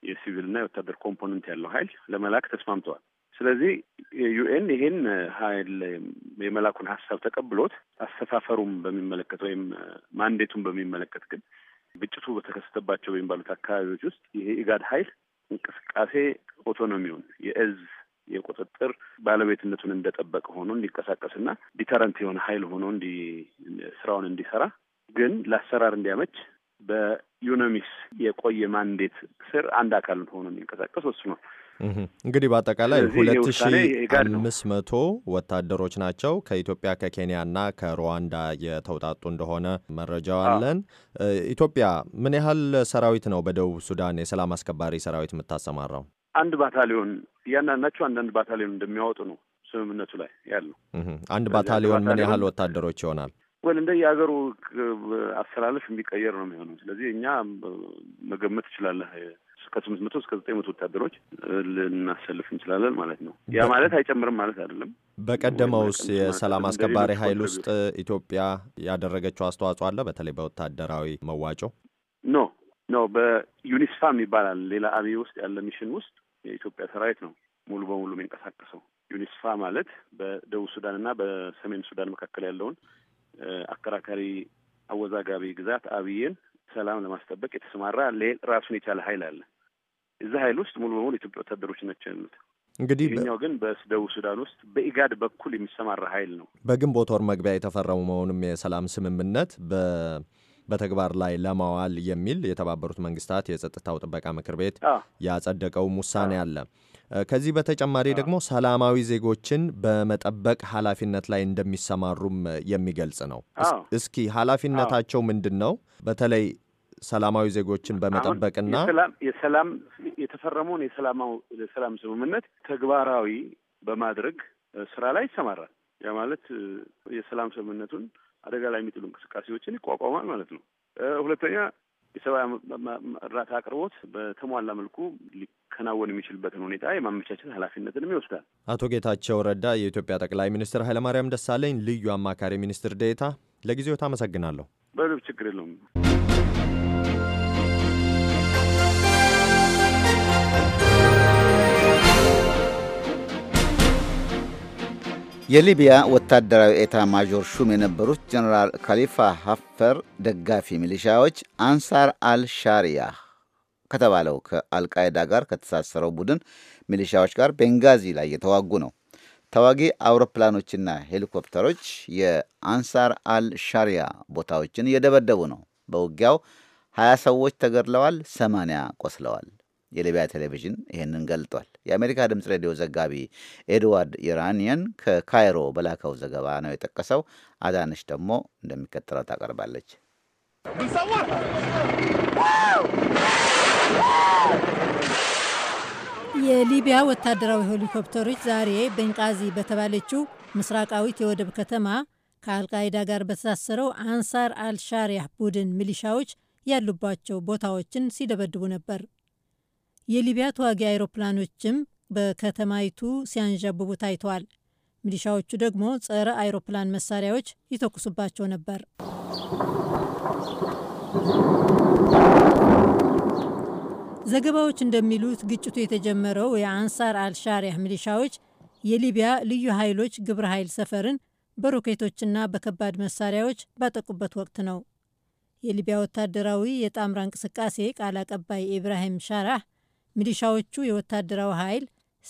የሲቪልና የወታደር ኮምፖነንት ያለው ኃይል ለመላክ ተስማምተዋል። ስለዚህ ዩኤን ይሄን ኃይል የመላኩን ሀሳብ ተቀብሎት አሰፋፈሩም በሚመለከት ወይም ማንዴቱን በሚመለከት ግን ግጭቱ በተከሰተባቸው ወይም ባሉት አካባቢዎች ውስጥ ይሄ ኢጋድ ኃይል እንቅስቃሴ ኦቶኖሚውን የእዝ የቁጥጥር ባለቤትነቱን እንደጠበቀ ሆኖ እንዲንቀሳቀስና ዲተረንት የሆነ ኃይል ሆኖ ስራውን እንዲሰራ ግን ለአሰራር እንዲያመች በዩኖሚክስ የቆየ ማንዴት ስር አንድ አካል ሆኖ የሚንቀሳቀስ ወስኖ እንግዲህ በአጠቃላይ ሁለት ሺ አምስት መቶ ወታደሮች ናቸው ከኢትዮጵያ ከኬንያና ከሩዋንዳ የተውጣጡ እንደሆነ መረጃው አለን። ኢትዮጵያ ምን ያህል ሰራዊት ነው በደቡብ ሱዳን የሰላም አስከባሪ ሰራዊት የምታሰማራው? አንድ ባታሊዮን እያንዳንዳቸው አንዳንድ ባታሊዮን እንደሚያወጡ ነው ስምምነቱ ላይ ያለው። አንድ ባታሊዮን ምን ያህል ወታደሮች ይሆናል? ወይ እንደ የሀገሩ አሰላለፍ የሚቀየር ነው የሚሆነው። ስለዚህ እኛ መገመት ትችላለህ ከስምንት መቶ እስከ ዘጠኝ መቶ ወታደሮች ልናሰልፍ እንችላለን ማለት ነው። ያ ማለት አይጨምርም ማለት አይደለም። በቀደመውስ የሰላም አስከባሪ ኃይል ውስጥ ኢትዮጵያ ያደረገችው አስተዋጽኦ አለ? በተለይ በወታደራዊ መዋጮ ኖ ኖ በዩኒስፋም ይባላል ሌላ አብይ ውስጥ ያለ ሚሽን ውስጥ የኢትዮጵያ ሰራዊት ነው ሙሉ በሙሉ የሚንቀሳቀሰው። ዩኒስፋ ማለት በደቡብ ሱዳን እና በሰሜን ሱዳን መካከል ያለውን አከራካሪ አወዛጋቢ ግዛት አብዬን ሰላም ለማስጠበቅ የተሰማራ ራሱን የቻለ ኃይል አለ። እዚ ኃይል ውስጥ ሙሉ በሙሉ የኢትዮጵያ ወታደሮች ናቸው ያሉት። እንግዲህ ይህኛው ግን በደቡብ ሱዳን ውስጥ በኢጋድ በኩል የሚሰማራ ኃይል ነው። በግንቦት ወር መግቢያ መሆኑም የሰላም ስምምነት በ በተግባር ላይ ለማዋል የሚል የተባበሩት መንግስታት የጸጥታው ጥበቃ ምክር ቤት ያጸደቀውም ውሳኔ አለ። ከዚህ በተጨማሪ ደግሞ ሰላማዊ ዜጎችን በመጠበቅ ኃላፊነት ላይ እንደሚሰማሩም የሚገልጽ ነው። እስኪ ኃላፊነታቸው ምንድን ነው? በተለይ ሰላማዊ ዜጎችን በመጠበቅና የሰላም የተፈረመውን የሰላም ስምምነት ተግባራዊ በማድረግ ስራ ላይ ይሰማራል። ያ ማለት የሰላም ስምምነቱን አደጋ ላይ የሚጥሉ እንቅስቃሴዎችን ይቋቋማል ማለት ነው። ሁለተኛ የሰብአዊ እርዳታ አቅርቦት በተሟላ መልኩ ሊከናወን የሚችልበትን ሁኔታ የማመቻቸት ኃላፊነትንም ይወስዳል። አቶ ጌታቸው ረዳ የኢትዮጵያ ጠቅላይ ሚኒስትር ኃይለማርያም ደሳለኝ ልዩ አማካሪ ሚኒስትር ዴታ ለጊዜው ታመሰግናለሁ። በልብ ችግር የለውም። የሊቢያ ወታደራዊ ኤታ ማዦር ሹም የነበሩት ጀነራል ካሊፋ ሀፈር ደጋፊ ሚሊሻዎች አንሳር አልሻሪያ ከተባለው ከአልቃይዳ ጋር ከተሳሰረው ቡድን ሚሊሻዎች ጋር ቤንጋዚ ላይ እየተዋጉ ነው። ተዋጊ አውሮፕላኖችና ሄሊኮፕተሮች የአንሳር አልሻሪያ ቦታዎችን እየደበደቡ ነው። በውጊያው 20 ሰዎች ተገድለዋል፣ 80 ቆስለዋል። የሊቢያ ቴሌቪዥን ይህንን ገልጧል። የአሜሪካ ድምፅ ሬዲዮ ዘጋቢ ኤድዋርድ ኢራኒየን ከካይሮ በላከው ዘገባ ነው የጠቀሰው። አዳነች ደግሞ እንደሚከተለው ታቀርባለች። የሊቢያ ወታደራዊ ሄሊኮፕተሮች ዛሬ ቤንቃዚ በተባለችው ምስራቃዊት የወደብ ከተማ ከአልቃይዳ ጋር በተሳሰረው አንሳር አልሻሪያ ቡድን ሚሊሻዎች ያሉባቸው ቦታዎችን ሲደበድቡ ነበር። የሊቢያ ተዋጊ አይሮፕላኖችም በከተማይቱ ሲያንዣብቡ ታይተዋል። ሚሊሻዎቹ ደግሞ ጸረ አይሮፕላን መሳሪያዎች ይተኩሱባቸው ነበር። ዘገባዎች እንደሚሉት ግጭቱ የተጀመረው የአንሳር አልሻሪያ ሚሊሻዎች የሊቢያ ልዩ ኃይሎች ግብረ ኃይል ሰፈርን በሮኬቶችና በከባድ መሳሪያዎች ባጠቁበት ወቅት ነው። የሊቢያ ወታደራዊ የጣምራ እንቅስቃሴ ቃል አቀባይ ኢብራሂም ሻራህ ሚሊሻዎቹ የወታደራዊ ኃይል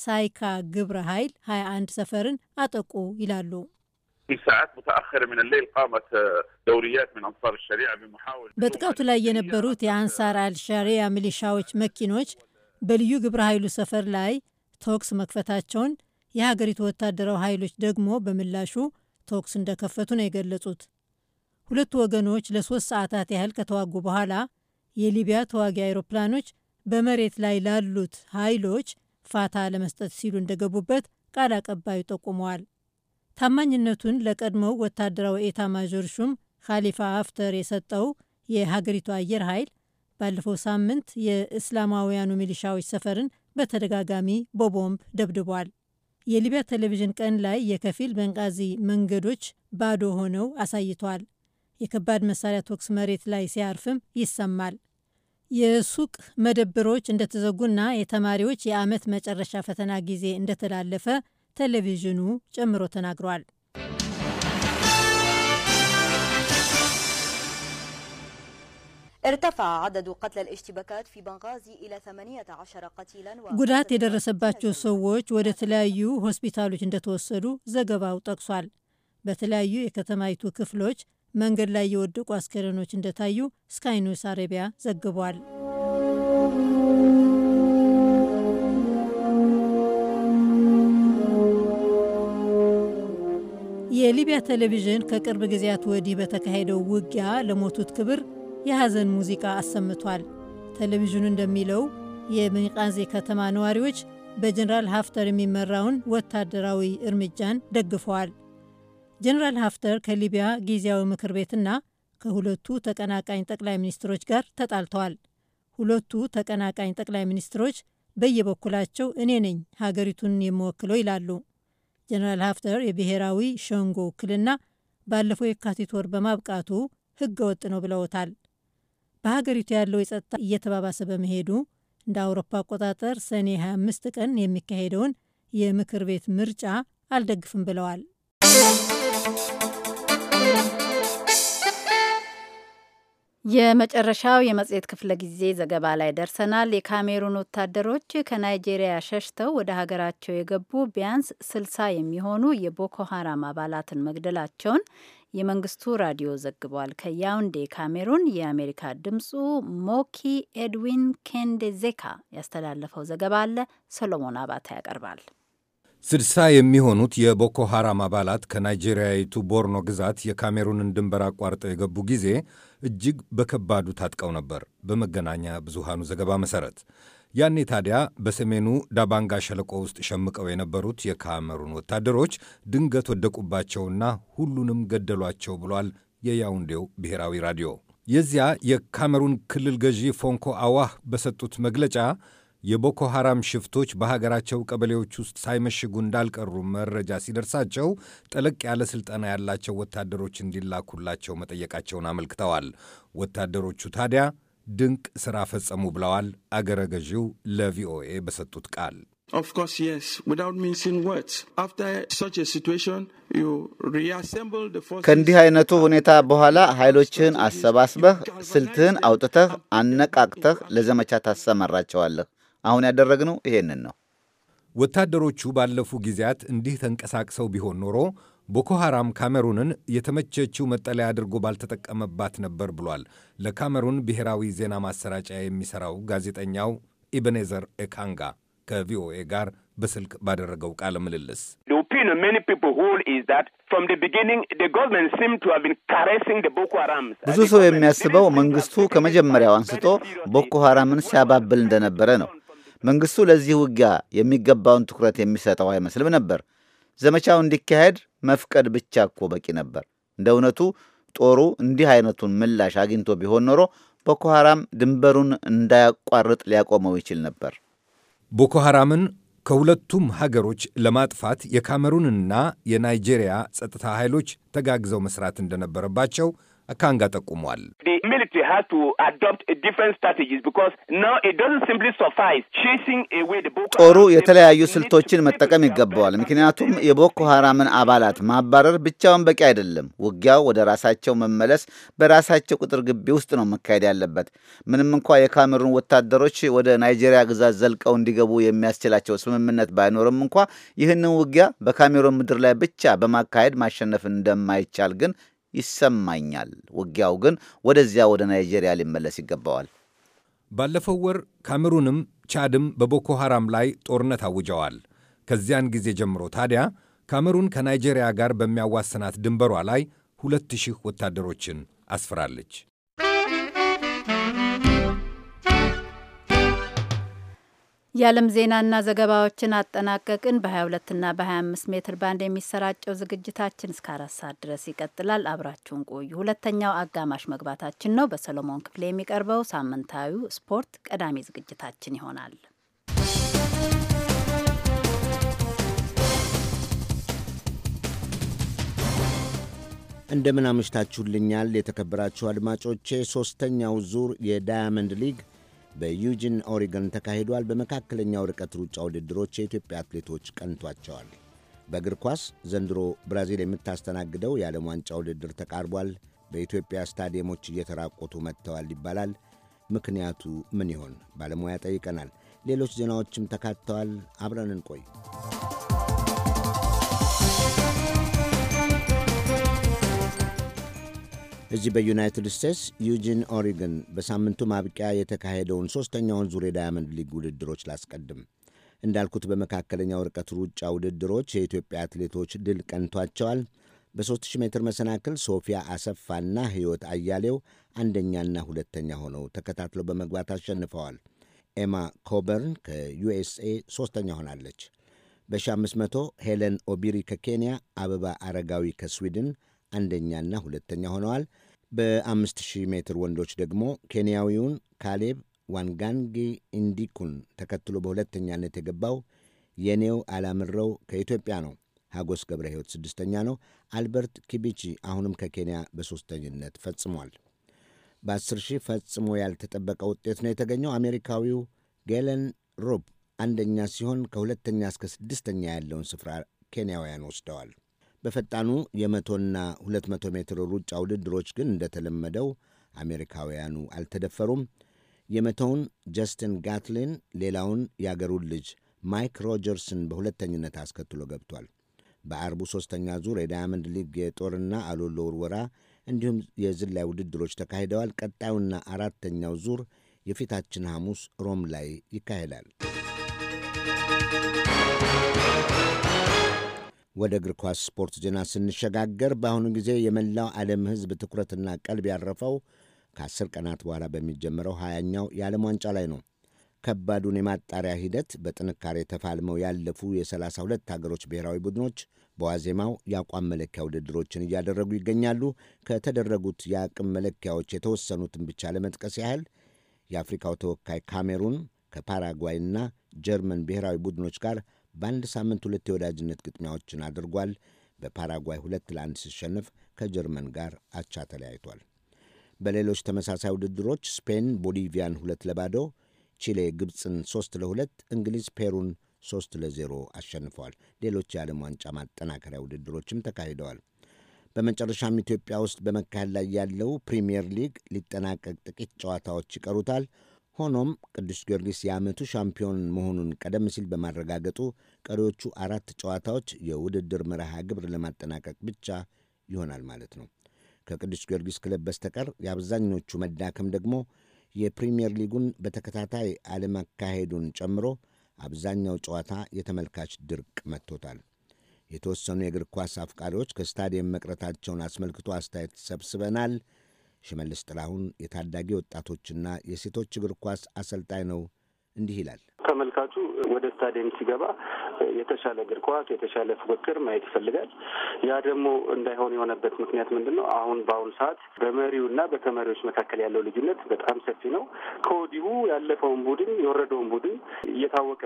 ሳይካ ግብረ ኃይል 21 ሰፈርን አጠቁ ይላሉ። በጥቃቱ ላይ የነበሩት የአንሳር አልሻሪያ ሚሊሻዎች መኪኖች በልዩ ግብረ ኃይሉ ሰፈር ላይ ተኩስ መክፈታቸውን፣ የሀገሪቱ ወታደራዊ ኃይሎች ደግሞ በምላሹ ተኩስ እንደከፈቱ ነው የገለጹት። ሁለቱ ወገኖች ለሶስት ሰዓታት ያህል ከተዋጉ በኋላ የሊቢያ ተዋጊ አውሮፕላኖች በመሬት ላይ ላሉት ኃይሎች ፋታ ለመስጠት ሲሉ እንደገቡበት ቃል አቀባዩ ጠቁመዋል። ታማኝነቱን ለቀድሞው ወታደራዊ ኤታ ማዦር ሹም ካሊፋ አፍተር የሰጠው የሀገሪቱ አየር ኃይል ባለፈው ሳምንት የእስላማውያኑ ሚሊሻዎች ሰፈርን በተደጋጋሚ በቦምብ ደብድቧል። የሊቢያ ቴሌቪዥን ቀን ላይ የከፊል በንቃዚ መንገዶች ባዶ ሆነው አሳይቷል። የከባድ መሳሪያ ተኩስ መሬት ላይ ሲያርፍም ይሰማል። የሱቅ መደብሮች እንደተዘጉና የተማሪዎች የዓመት መጨረሻ ፈተና ጊዜ እንደተላለፈ ቴሌቪዥኑ ጨምሮ ተናግሯል። ጉዳት የደረሰባቸው ሰዎች ወደ ተለያዩ ሆስፒታሎች እንደተወሰዱ ዘገባው ጠቅሷል። በተለያዩ የከተማይቱ ክፍሎች መንገድ ላይ የወደቁ አስከሬኖች እንደታዩ ስካይ ኒውስ አረቢያ ዘግቧል። የሊቢያ ቴሌቪዥን ከቅርብ ጊዜያት ወዲህ በተካሄደው ውጊያ ለሞቱት ክብር የሐዘን ሙዚቃ አሰምቷል። ቴሌቪዥኑ እንደሚለው የቤንጋዚ ከተማ ነዋሪዎች በጀኔራል ሀፍተር የሚመራውን ወታደራዊ እርምጃን ደግፈዋል። ጀኔራል ሀፍተር ከሊቢያ ጊዜያዊ ምክር ቤትና ከሁለቱ ተቀናቃኝ ጠቅላይ ሚኒስትሮች ጋር ተጣልተዋል። ሁለቱ ተቀናቃኝ ጠቅላይ ሚኒስትሮች በየበኩላቸው እኔ ነኝ ሀገሪቱን የምወክለው ይላሉ። ጀነራል ሀፍተር የብሔራዊ ሸንጎ ውክልና ባለፈው የካቲት ወር በማብቃቱ ህገወጥ ወጥ ነው ብለውታል። በሀገሪቱ ያለው የጸጥታ እየተባባሰ በመሄዱ እንደ አውሮፓ አቆጣጠር ሰኔ 25 ቀን የሚካሄደውን የምክር ቤት ምርጫ አልደግፍም ብለዋል። የመጨረሻው የመጽሔት ክፍለ ጊዜ ዘገባ ላይ ደርሰናል። የካሜሩን ወታደሮች ከናይጄሪያ ሸሽተው ወደ ሀገራቸው የገቡ ቢያንስ ስልሳ የሚሆኑ የቦኮ ሀራም አባላትን መግደላቸውን የመንግስቱ ራዲዮ ዘግቧል። ከያውንዴ ካሜሩን የአሜሪካ ድምጹ ሞኪ ኤድዊን ኬንዴዜካ ያስተላለፈው ዘገባ አለ። ሰሎሞን አባታ ያቀርባል። ስድሳ የሚሆኑት የቦኮ ሐራም አባላት ከናይጄሪያዊቱ ቦርኖ ግዛት የካሜሩንን ድንበር አቋርጠው የገቡ ጊዜ እጅግ በከባዱ ታጥቀው ነበር። በመገናኛ ብዙሃኑ ዘገባ መሠረት ያኔ ታዲያ በሰሜኑ ዳባንጋ ሸለቆ ውስጥ ሸምቀው የነበሩት የካሜሩን ወታደሮች ድንገት ወደቁባቸውና ሁሉንም ገደሏቸው ብሏል የያውንዴው ብሔራዊ ራዲዮ። የዚያ የካሜሩን ክልል ገዢ ፎንኮ አዋህ በሰጡት መግለጫ የቦኮ ሐራም ሽፍቶች በሀገራቸው ቀበሌዎች ውስጥ ሳይመሽጉ እንዳልቀሩ መረጃ ሲደርሳቸው ጠለቅ ያለ ስልጠና ያላቸው ወታደሮች እንዲላኩላቸው መጠየቃቸውን አመልክተዋል። ወታደሮቹ ታዲያ ድንቅ ሥራ ፈጸሙ ብለዋል አገረ ገዢው ለቪኦኤ በሰጡት ቃል። ከእንዲህ አይነቱ ሁኔታ በኋላ ኃይሎችህን አሰባስበህ ስልትህን አውጥተህ አነቃቅተህ ለዘመቻ ታሰማራቸዋለህ። አሁን ያደረግነው ይሄንን ነው። ወታደሮቹ ባለፉ ጊዜያት እንዲህ ተንቀሳቅሰው ቢሆን ኖሮ ቦኮ ሐራም ካሜሩንን የተመቸችው መጠለያ አድርጎ ባልተጠቀመባት ነበር ብሏል ለካሜሩን ብሔራዊ ዜና ማሰራጫ የሚሠራው ጋዜጠኛው ኢብኔዘር ኤካንጋ ከቪኦኤ ጋር በስልክ ባደረገው ቃለ ምልልስ ብዙ ሰው የሚያስበው መንግስቱ ከመጀመሪያው አንስቶ ቦኮ ሐራምን ሲያባብል እንደነበረ ነው። መንግስቱ ለዚህ ውጊያ የሚገባውን ትኩረት የሚሰጠው አይመስልም ነበር። ዘመቻው እንዲካሄድ መፍቀድ ብቻ እኮ በቂ ነበር። እንደ እውነቱ ጦሩ እንዲህ አይነቱን ምላሽ አግኝቶ ቢሆን ኖሮ ቦኮ ሐራም ድንበሩን እንዳያቋርጥ ሊያቆመው ይችል ነበር። ቦኮ ሐራምን ከሁለቱም ሀገሮች ለማጥፋት የካሜሩንና የናይጄሪያ ጸጥታ ኃይሎች ተጋግዘው መስራት እንደነበረባቸው አካንጋ ጠቁሟል። ጦሩ የተለያዩ ስልቶችን መጠቀም ይገባዋል። ምክንያቱም የቦኮ ሐራምን አባላት ማባረር ብቻውን በቂ አይደለም። ውጊያው ወደ ራሳቸው መመለስ በራሳቸው ቁጥር ግቢ ውስጥ ነው መካሄድ ያለበት። ምንም እንኳ የካሜሩን ወታደሮች ወደ ናይጄሪያ ግዛት ዘልቀው እንዲገቡ የሚያስችላቸው ስምምነት ባይኖርም እንኳ ይህንን ውጊያ በካሜሩን ምድር ላይ ብቻ በማካሄድ ማሸነፍ እንደማይቻል ግን ይሰማኛል። ውጊያው ግን ወደዚያ ወደ ናይጄሪያ ሊመለስ ይገባዋል። ባለፈው ወር ካሜሩንም ቻድም በቦኮ ሐራም ላይ ጦርነት አውጀዋል። ከዚያን ጊዜ ጀምሮ ታዲያ ካሜሩን ከናይጄሪያ ጋር በሚያዋስናት ድንበሯ ላይ ሁለት ሺህ ወታደሮችን አስፍራለች። የዓለም ዜናና ዘገባዎችን አጠናቀቅን። በ22ና በ25 ሜትር ባንድ የሚሰራጨው ዝግጅታችን እስከ አራት ሰዓት ድረስ ይቀጥላል። አብራችሁን ቆዩ። ሁለተኛው አጋማሽ መግባታችን ነው። በሰሎሞን ክፍሌ የሚቀርበው ሳምንታዊው ስፖርት ቀዳሚ ዝግጅታችን ይሆናል። እንደምን አምሽታችሁልኛል የተከበራችሁ አድማጮቼ። ሦስተኛው ዙር የዳያመንድ ሊግ በዩጂን ኦሪገን ተካሂዷል። በመካከለኛው ርቀት ሩጫ ውድድሮች የኢትዮጵያ አትሌቶች ቀንቷቸዋል። በእግር ኳስ ዘንድሮ ብራዚል የምታስተናግደው የዓለም ዋንጫ ውድድር ተቃርቧል። በኢትዮጵያ ስታዲየሞች እየተራቆቱ መጥተዋል ይባላል። ምክንያቱ ምን ይሆን? ባለሙያ ጠይቀናል። ሌሎች ዜናዎችም ተካትተዋል። አብረን እንቆይ። እዚህ በዩናይትድ ስቴትስ ዩጂን ኦሪገን በሳምንቱ ማብቂያ የተካሄደውን ሦስተኛውን ዙር የዳያመንድ ሊግ ውድድሮች ላስቀድም። እንዳልኩት በመካከለኛው ርቀት ሩጫ ውድድሮች የኢትዮጵያ አትሌቶች ድል ቀንቷቸዋል። በ3000 ሜትር መሰናክል ሶፊያ አሰፋና ሕይወት አያሌው አንደኛና ሁለተኛ ሆነው ተከታትለው በመግባት አሸንፈዋል። ኤማ ኮበርን ከዩኤስኤ ሦስተኛ ሆናለች። በ1500 ሄለን ኦቢሪ ከኬንያ፣ አበባ አረጋዊ ከስዊድን አንደኛና ሁለተኛ ሆነዋል። በ5000 ሜትር ወንዶች ደግሞ ኬንያዊውን ካሌብ ዋንጋንጊ ኢንዲኩን ተከትሎ በሁለተኛነት የገባው የኔው አላምረው ከኢትዮጵያ ነው። ሐጎስ ገብረ ሕይወት ስድስተኛ ነው። አልበርት ኪቢቺ አሁንም ከኬንያ በሦስተኝነት ፈጽሟል። በ10 ሺህ ፈጽሞ ያልተጠበቀ ውጤት ነው የተገኘው። አሜሪካዊው ጌለን ሮብ አንደኛ ሲሆን ከሁለተኛ እስከ ስድስተኛ ያለውን ስፍራ ኬንያውያን ወስደዋል። በፈጣኑ የመቶና ሁለት መቶ ሜትር ሩጫ ውድድሮች ግን እንደተለመደው አሜሪካውያኑ አልተደፈሩም። የመቶውን ጀስትን ጋትሊን፣ ሌላውን የአገሩን ልጅ ማይክ ሮጀርስን በሁለተኝነት አስከትሎ ገብቷል። በአርቡ ሦስተኛ ዙር የዳያመንድ ሊግ የጦርና አሎሎ ውርወራ እንዲሁም የዝላይ ውድድሮች ተካሂደዋል። ቀጣዩና አራተኛው ዙር የፊታችን ሐሙስ ሮም ላይ ይካሄዳል። ወደ እግር ኳስ ስፖርት ዜና ስንሸጋገር በአሁኑ ጊዜ የመላው ዓለም ሕዝብ ትኩረትና ቀልብ ያረፈው ከአስር ቀናት በኋላ በሚጀምረው ሀያኛው የዓለም ዋንጫ ላይ ነው። ከባዱን የማጣሪያ ሂደት በጥንካሬ ተፋልመው ያለፉ የሰላሳ ሁለት ሀገሮች ብሔራዊ ቡድኖች በዋዜማው የአቋም መለኪያ ውድድሮችን እያደረጉ ይገኛሉ። ከተደረጉት የአቅም መለኪያዎች የተወሰኑትን ብቻ ለመጥቀስ ያህል የአፍሪካው ተወካይ ካሜሩን ከፓራጓይና ጀርመን ብሔራዊ ቡድኖች ጋር በአንድ ሳምንት ሁለት የወዳጅነት ግጥሚያዎችን አድርጓል። በፓራጓይ ሁለት ለአንድ ሲሸነፍ ከጀርመን ጋር አቻ ተለያይቷል። በሌሎች ተመሳሳይ ውድድሮች ስፔን ቦሊቪያን ሁለት ለባዶ፣ ቺሌ ግብፅን ሶስት ለሁለት፣ እንግሊዝ ፔሩን ሶስት ለዜሮ አሸንፈዋል። ሌሎች የዓለም ዋንጫ ማጠናከሪያ ውድድሮችም ተካሂደዋል። በመጨረሻም ኢትዮጵያ ውስጥ በመካሄድ ላይ ያለው ፕሪምየር ሊግ ሊጠናቀቅ ጥቂት ጨዋታዎች ይቀሩታል። ሆኖም ቅዱስ ጊዮርጊስ የዓመቱ ሻምፒዮን መሆኑን ቀደም ሲል በማረጋገጡ ቀሪዎቹ አራት ጨዋታዎች የውድድር መርሃ ግብር ለማጠናቀቅ ብቻ ይሆናል ማለት ነው። ከቅዱስ ጊዮርጊስ ክለብ በስተቀር የአብዛኞቹ መዳከም ደግሞ የፕሪምየር ሊጉን በተከታታይ አካሄዱን ጨምሮ አብዛኛው ጨዋታ የተመልካች ድርቅ መጥቶታል። የተወሰኑ የእግር ኳስ አፍቃሪዎች ከስታዲየም መቅረታቸውን አስመልክቶ አስተያየት ሰብስበናል። ሽመልስ ጥላሁን የታዳጊ ወጣቶችና የሴቶች እግር ኳስ አሰልጣኝ ነው። እንዲህ ይላል። ተመልካቹ ወደ ስታዲየም ሲገባ የተሻለ እግር ኳስ፣ የተሻለ ፉክክር ማየት ይፈልጋል። ያ ደግሞ እንዳይሆን የሆነበት ምክንያት ምንድን ነው? አሁን በአሁኑ ሰዓት በመሪው እና በተመሪዎች መካከል ያለው ልዩነት በጣም ሰፊ ነው። ከወዲሁ ያለፈውን ቡድን የወረደውን ቡድን እየታወቀ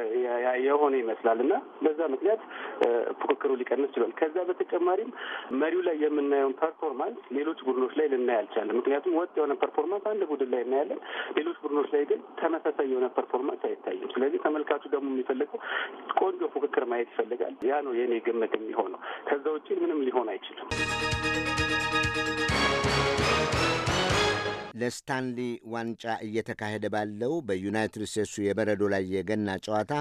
የሆነ ይመስላል እና በዛ ምክንያት ፉክክሩ ሊቀንስ ችሏል። ከዛ በተጨማሪም መሪው ላይ የምናየውን ፐርፎርማንስ ሌሎች ቡድኖች ላይ ልናይ አልቻለም። ምክንያቱም ወጥ የሆነ ፐርፎርማንስ አንድ ቡድን ላይ እናያለን፣ ሌሎች ቡድኖች ላይ ግን ተመሳሳይ የሆነ ፐርፎርማንስ አይታይም። ስለዚህ ተመልካቹ ደግሞ የሚፈልገው ቆንጆ ፉክክር ማየት ይፈልጋል። ያ ነው የእኔ ግምት የሚሆነው። ከዛ ውጭ ምንም ሊሆን አይችልም። ለስታንሊ ዋንጫ እየተካሄደ ባለው በዩናይትድ ስቴትሱ የበረዶ ላይ የገና ጨዋታ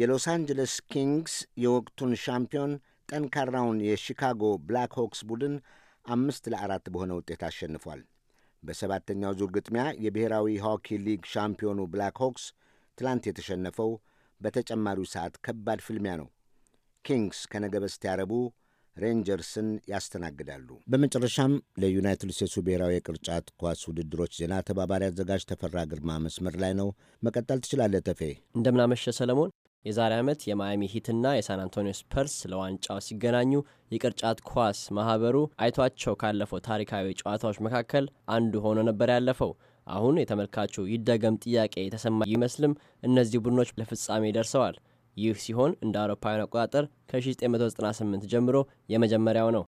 የሎስ አንጀለስ ኪንግስ የወቅቱን ሻምፒዮን ጠንካራውን የሺካጎ ብላክ ሆክስ ቡድን አምስት ለአራት በሆነ ውጤት አሸንፏል። በሰባተኛው ዙር ግጥሚያ የብሔራዊ ሆኪ ሊግ ሻምፒዮኑ ብላክ ሆክስ ትላንት የተሸነፈው በተጨማሪው ሰዓት ከባድ ፍልሚያ ነው። ኪንግስ ከነገ በስቲያ ረቡዕ ሬንጀርስን ያስተናግዳሉ። በመጨረሻም ለዩናይትድ ስቴትሱ ብሔራዊ የቅርጫት ኳስ ውድድሮች ዜና ተባባሪ አዘጋጅ ተፈራ ግርማ መስመር ላይ ነው። መቀጠል ትችላለህ ተፌ። እንደምናመሸ ሰለሞን። የዛሬ ዓመት የማያሚ ሂትና የሳን አንቶኒዮ ስፐርስ ለዋንጫው ሲገናኙ የቅርጫት ኳስ ማህበሩ አይቷቸው ካለፈው ታሪካዊ ጨዋታዎች መካከል አንዱ ሆኖ ነበር ያለፈው። አሁን የተመልካቹ ይደገም ጥያቄ የተሰማ ይመስልም እነዚህ ቡድኖች ለፍጻሜ ደርሰዋል። ይህ ሲሆን እንደ አውሮፓውያን አቆጣጠር ከ1998 ጀምሮ የመጀመሪያው ነው።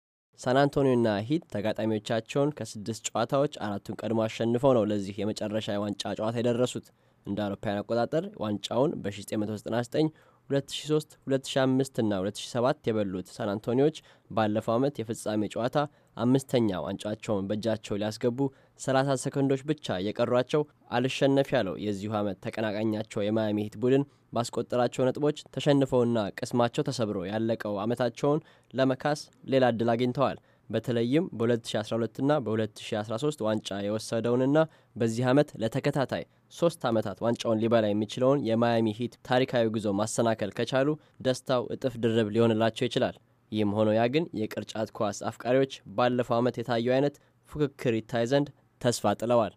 ሳን አንቶኒዮና ሂት ተጋጣሚዎቻቸውን ከስድስት ጨዋታዎች አራቱን ቀድሞ አሸንፈው ነው ለዚህ የመጨረሻ የዋንጫ ጨዋታ የደረሱት። እንደ አውሮፓውያን አቆጣጠር ዋንጫውን በ1999 2003፣ 2005 እና 2007 የበሉት ሳን አንቶኒዎች ባለፈው ዓመት የፍጻሜ ጨዋታ አምስተኛ ዋንጫቸውን በእጃቸው ሊያስገቡ 30 ሰከንዶች ብቻ የቀሯቸው አልሸነፍ ያለው የዚሁ ዓመት ተቀናቃኛቸው የማያሚ ሂት ቡድን ባስቆጠራቸው ነጥቦች ተሸንፈውና ቅስማቸው ተሰብሮ ያለቀው ዓመታቸውን ለመካስ ሌላ ዕድል አግኝተዋል። በተለይም በ2012 ና በ2013 ዋንጫ የወሰደውንና በዚህ ዓመት ለተከታታይ ሶስት ዓመታት ዋንጫውን ሊበላ የሚችለውን የማያሚ ሂት ታሪካዊ ጉዞ ማሰናከል ከቻሉ ደስታው እጥፍ ድርብ ሊሆንላቸው ይችላል። ይህም ሆኖ ያ ግን የቅርጫት ኳስ አፍቃሪዎች ባለፈው ዓመት የታየው አይነት ፉክክር ይታይ ዘንድ ተስፋ ጥለዋል።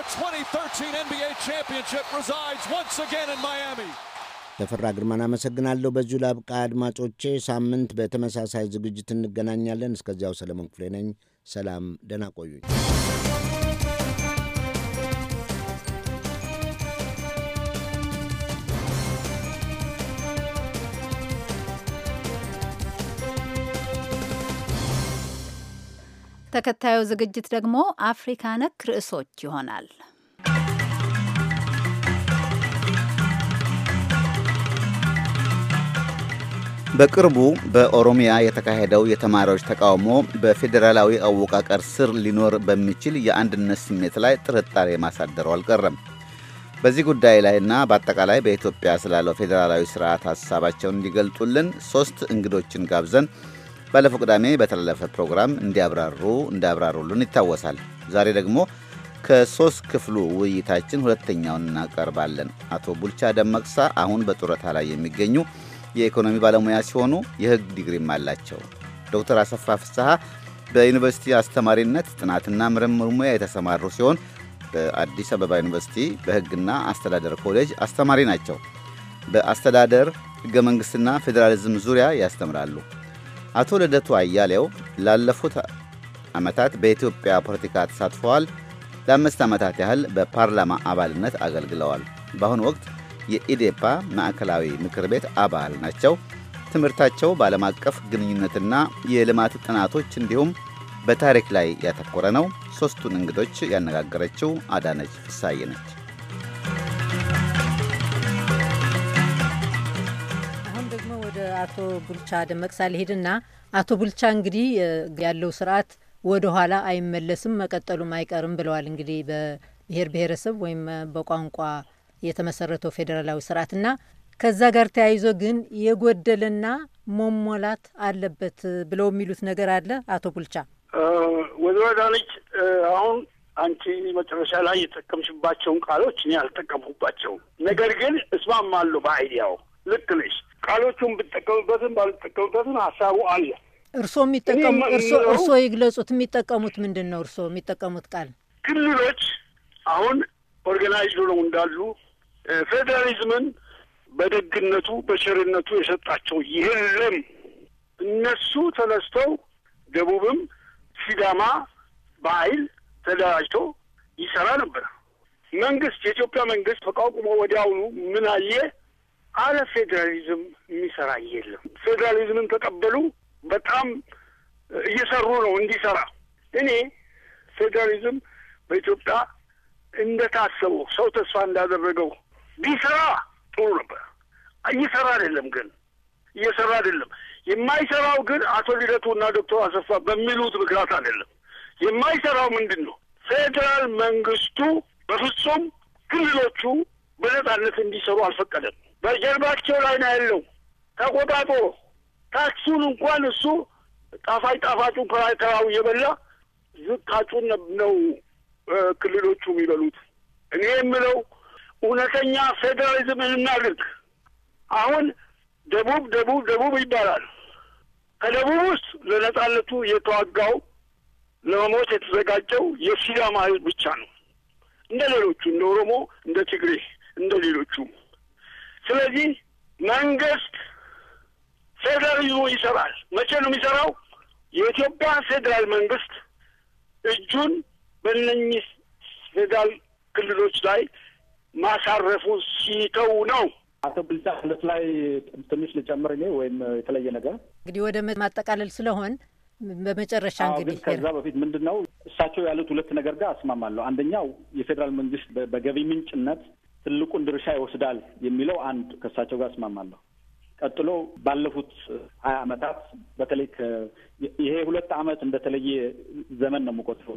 The 2013 NBA championship resides once again in Miami. ተፈራ ግርማን አመሰግናለሁ። በዚሁ ላብቃ። አድማጮቼ፣ ሳምንት በተመሳሳይ ዝግጅት እንገናኛለን። እስከዚያው ሰለሞን ክፍሌ ነኝ። ሰላም፣ ደህና ቆዩኝ። ተከታዩ ዝግጅት ደግሞ አፍሪካ ነክ ርዕሶች ይሆናል። በቅርቡ በኦሮሚያ የተካሄደው የተማሪዎች ተቃውሞ በፌዴራላዊ አወቃቀር ስር ሊኖር በሚችል የአንድነት ስሜት ላይ ጥርጣሬ ማሳደሩ አልቀረም። በዚህ ጉዳይ ላይና በአጠቃላይ በኢትዮጵያ ስላለው ፌዴራላዊ ስርዓት ሀሳባቸውን እንዲገልጡልን ሶስት እንግዶችን ጋብዘን ባለፈው ቅዳሜ በተላለፈ ፕሮግራም እንዲያብራሩ እንዳብራሩልን ይታወሳል። ዛሬ ደግሞ ከሶስት ክፍሉ ውይይታችን ሁለተኛውን እናቀርባለን። አቶ ቡልቻ ደመቅሳ አሁን በጡረታ ላይ የሚገኙ የኢኮኖሚ ባለሙያ ሲሆኑ የህግ ዲግሪም አላቸው። ዶክተር አሰፋ ፍስሐ በዩኒቨርሲቲ አስተማሪነት ጥናትና ምርምር ሙያ የተሰማሩ ሲሆን በአዲስ አበባ ዩኒቨርሲቲ በህግና አስተዳደር ኮሌጅ አስተማሪ ናቸው። በአስተዳደር ህገ መንግሥትና ፌዴራሊዝም ዙሪያ ያስተምራሉ። አቶ ልደቱ አያሌው ላለፉት ዓመታት በኢትዮጵያ ፖለቲካ ተሳትፈዋል። ለአምስት ዓመታት ያህል በፓርላማ አባልነት አገልግለዋል። በአሁኑ ወቅት የኢዴፓ ማዕከላዊ ምክር ቤት አባል ናቸው። ትምህርታቸው በዓለም አቀፍ ግንኙነትና የልማት ጥናቶች እንዲሁም በታሪክ ላይ ያተኮረ ነው። ሦስቱን እንግዶች ያነጋገረችው አዳነች ፍሳዬ ነች። አሁን ደግሞ ወደ አቶ ቡልቻ ደመቅሳ ልሄድና አቶ ቡልቻ እንግዲህ ያለው ስርዓት ወደ ኋላ አይመለስም፣ መቀጠሉም አይቀርም ብለዋል። እንግዲህ በብሔር ብሔረሰብ ወይም በቋንቋ የተመሰረተው ፌዴራላዊ ስርዓትና ከዛ ጋር ተያይዞ ግን የጎደለና መሞላት አለበት ብለው የሚሉት ነገር አለ። አቶ ቡልቻ ወይዘሮ ዳነች አሁን አንቺ መጨረሻ ላይ የጠቀምሽባቸውን ቃሎች እኔ አልጠቀምኩባቸውም። ነገር ግን እስማማለሁ በአይዲያው ልክ ነሽ። ቃሎቹን ብትጠቀምበትም ባልጠቀሙበትም ሀሳቡ አለ። እርስዎ የሚጠቀሙ እርስዎ ይግለጹት። የሚጠቀሙት ምንድን ነው? እርስዎ የሚጠቀሙት ቃል ክልሎች አሁን ኦርጋናይዝድ ነው እንዳሉ ፌዴራሊዝምን በደግነቱ በቸርነቱ የሰጣቸው የለም። እነሱ ተነስተው ደቡብም ሲዳማ በኃይል ተደራጅቶ ይሰራ ነበር። መንግስት የኢትዮጵያ መንግስት ተቋቁሞ ወዲያውኑ ምን አየ? አለ ፌዴራሊዝም የሚሰራ የለም። ፌዴራሊዝምን ተቀበሉ። በጣም እየሰሩ ነው እንዲሰራ። እኔ ፌዴራሊዝም በኢትዮጵያ እንደታሰበው ሰው ተስፋ እንዳደረገው ቢሰራ ጥሩ ነበር። እየሰራ አይደለም ግን እየሰራ አይደለም። የማይሰራው ግን አቶ ሊደቱ እና ዶክተር አሰፋ በሚሉት ምክንያት አይደለም። የማይሰራው ምንድን ነው? ፌዴራል መንግስቱ በፍጹም ክልሎቹ በነጻነት እንዲሰሩ አልፈቀደም። በጀርባቸው ላይ ነው ያለው ተቆጣጥሮ ታክሱን እንኳን እሱ ጣፋጭ ጣፋጩን ከራው እየበላ ዝቃጩን ነው ክልሎቹ የሚበሉት። እኔ የምለው እውነተኛ ፌዴራሊዝም እናድርግ። አሁን ደቡብ ደቡብ ደቡብ ይባላል። ከደቡብ ውስጥ ለነጻነቱ የተዋጋው ለመሞት የተዘጋጀው የሲዳማ ህዝብ ብቻ ነው፣ እንደ ሌሎቹ እንደ ኦሮሞ፣ እንደ ትግሬ፣ እንደ ሌሎቹ። ስለዚህ መንግስት ፌዴራሊዝሙ ይሰራል። መቼ ነው የሚሰራው? የኢትዮጵያ ፌዴራል መንግስት እጁን በእነኚህ ፌዴራል ክልሎች ላይ ማሳረፉ ሲተው ነው። አቶ ብልጫ ሁለት ላይ ትንሽ ልጨምር እኔ ወይም የተለየ ነገር እንግዲህ ወደ ማጠቃለል ስለሆን በመጨረሻ እንግዲህ ከዛ በፊት ምንድን ነው እሳቸው ያሉት ሁለት ነገር ጋር አስማማለሁ። አንደኛው የፌዴራል መንግስት በገቢ ምንጭነት ትልቁን ድርሻ ይወስዳል የሚለው አንድ ከእሳቸው ጋር አስማማለሁ። ቀጥሎ ባለፉት ሀያ አመታት በተለይ ይሄ ሁለት ዓመት እንደተለየ ዘመን ነው የምቆጥረው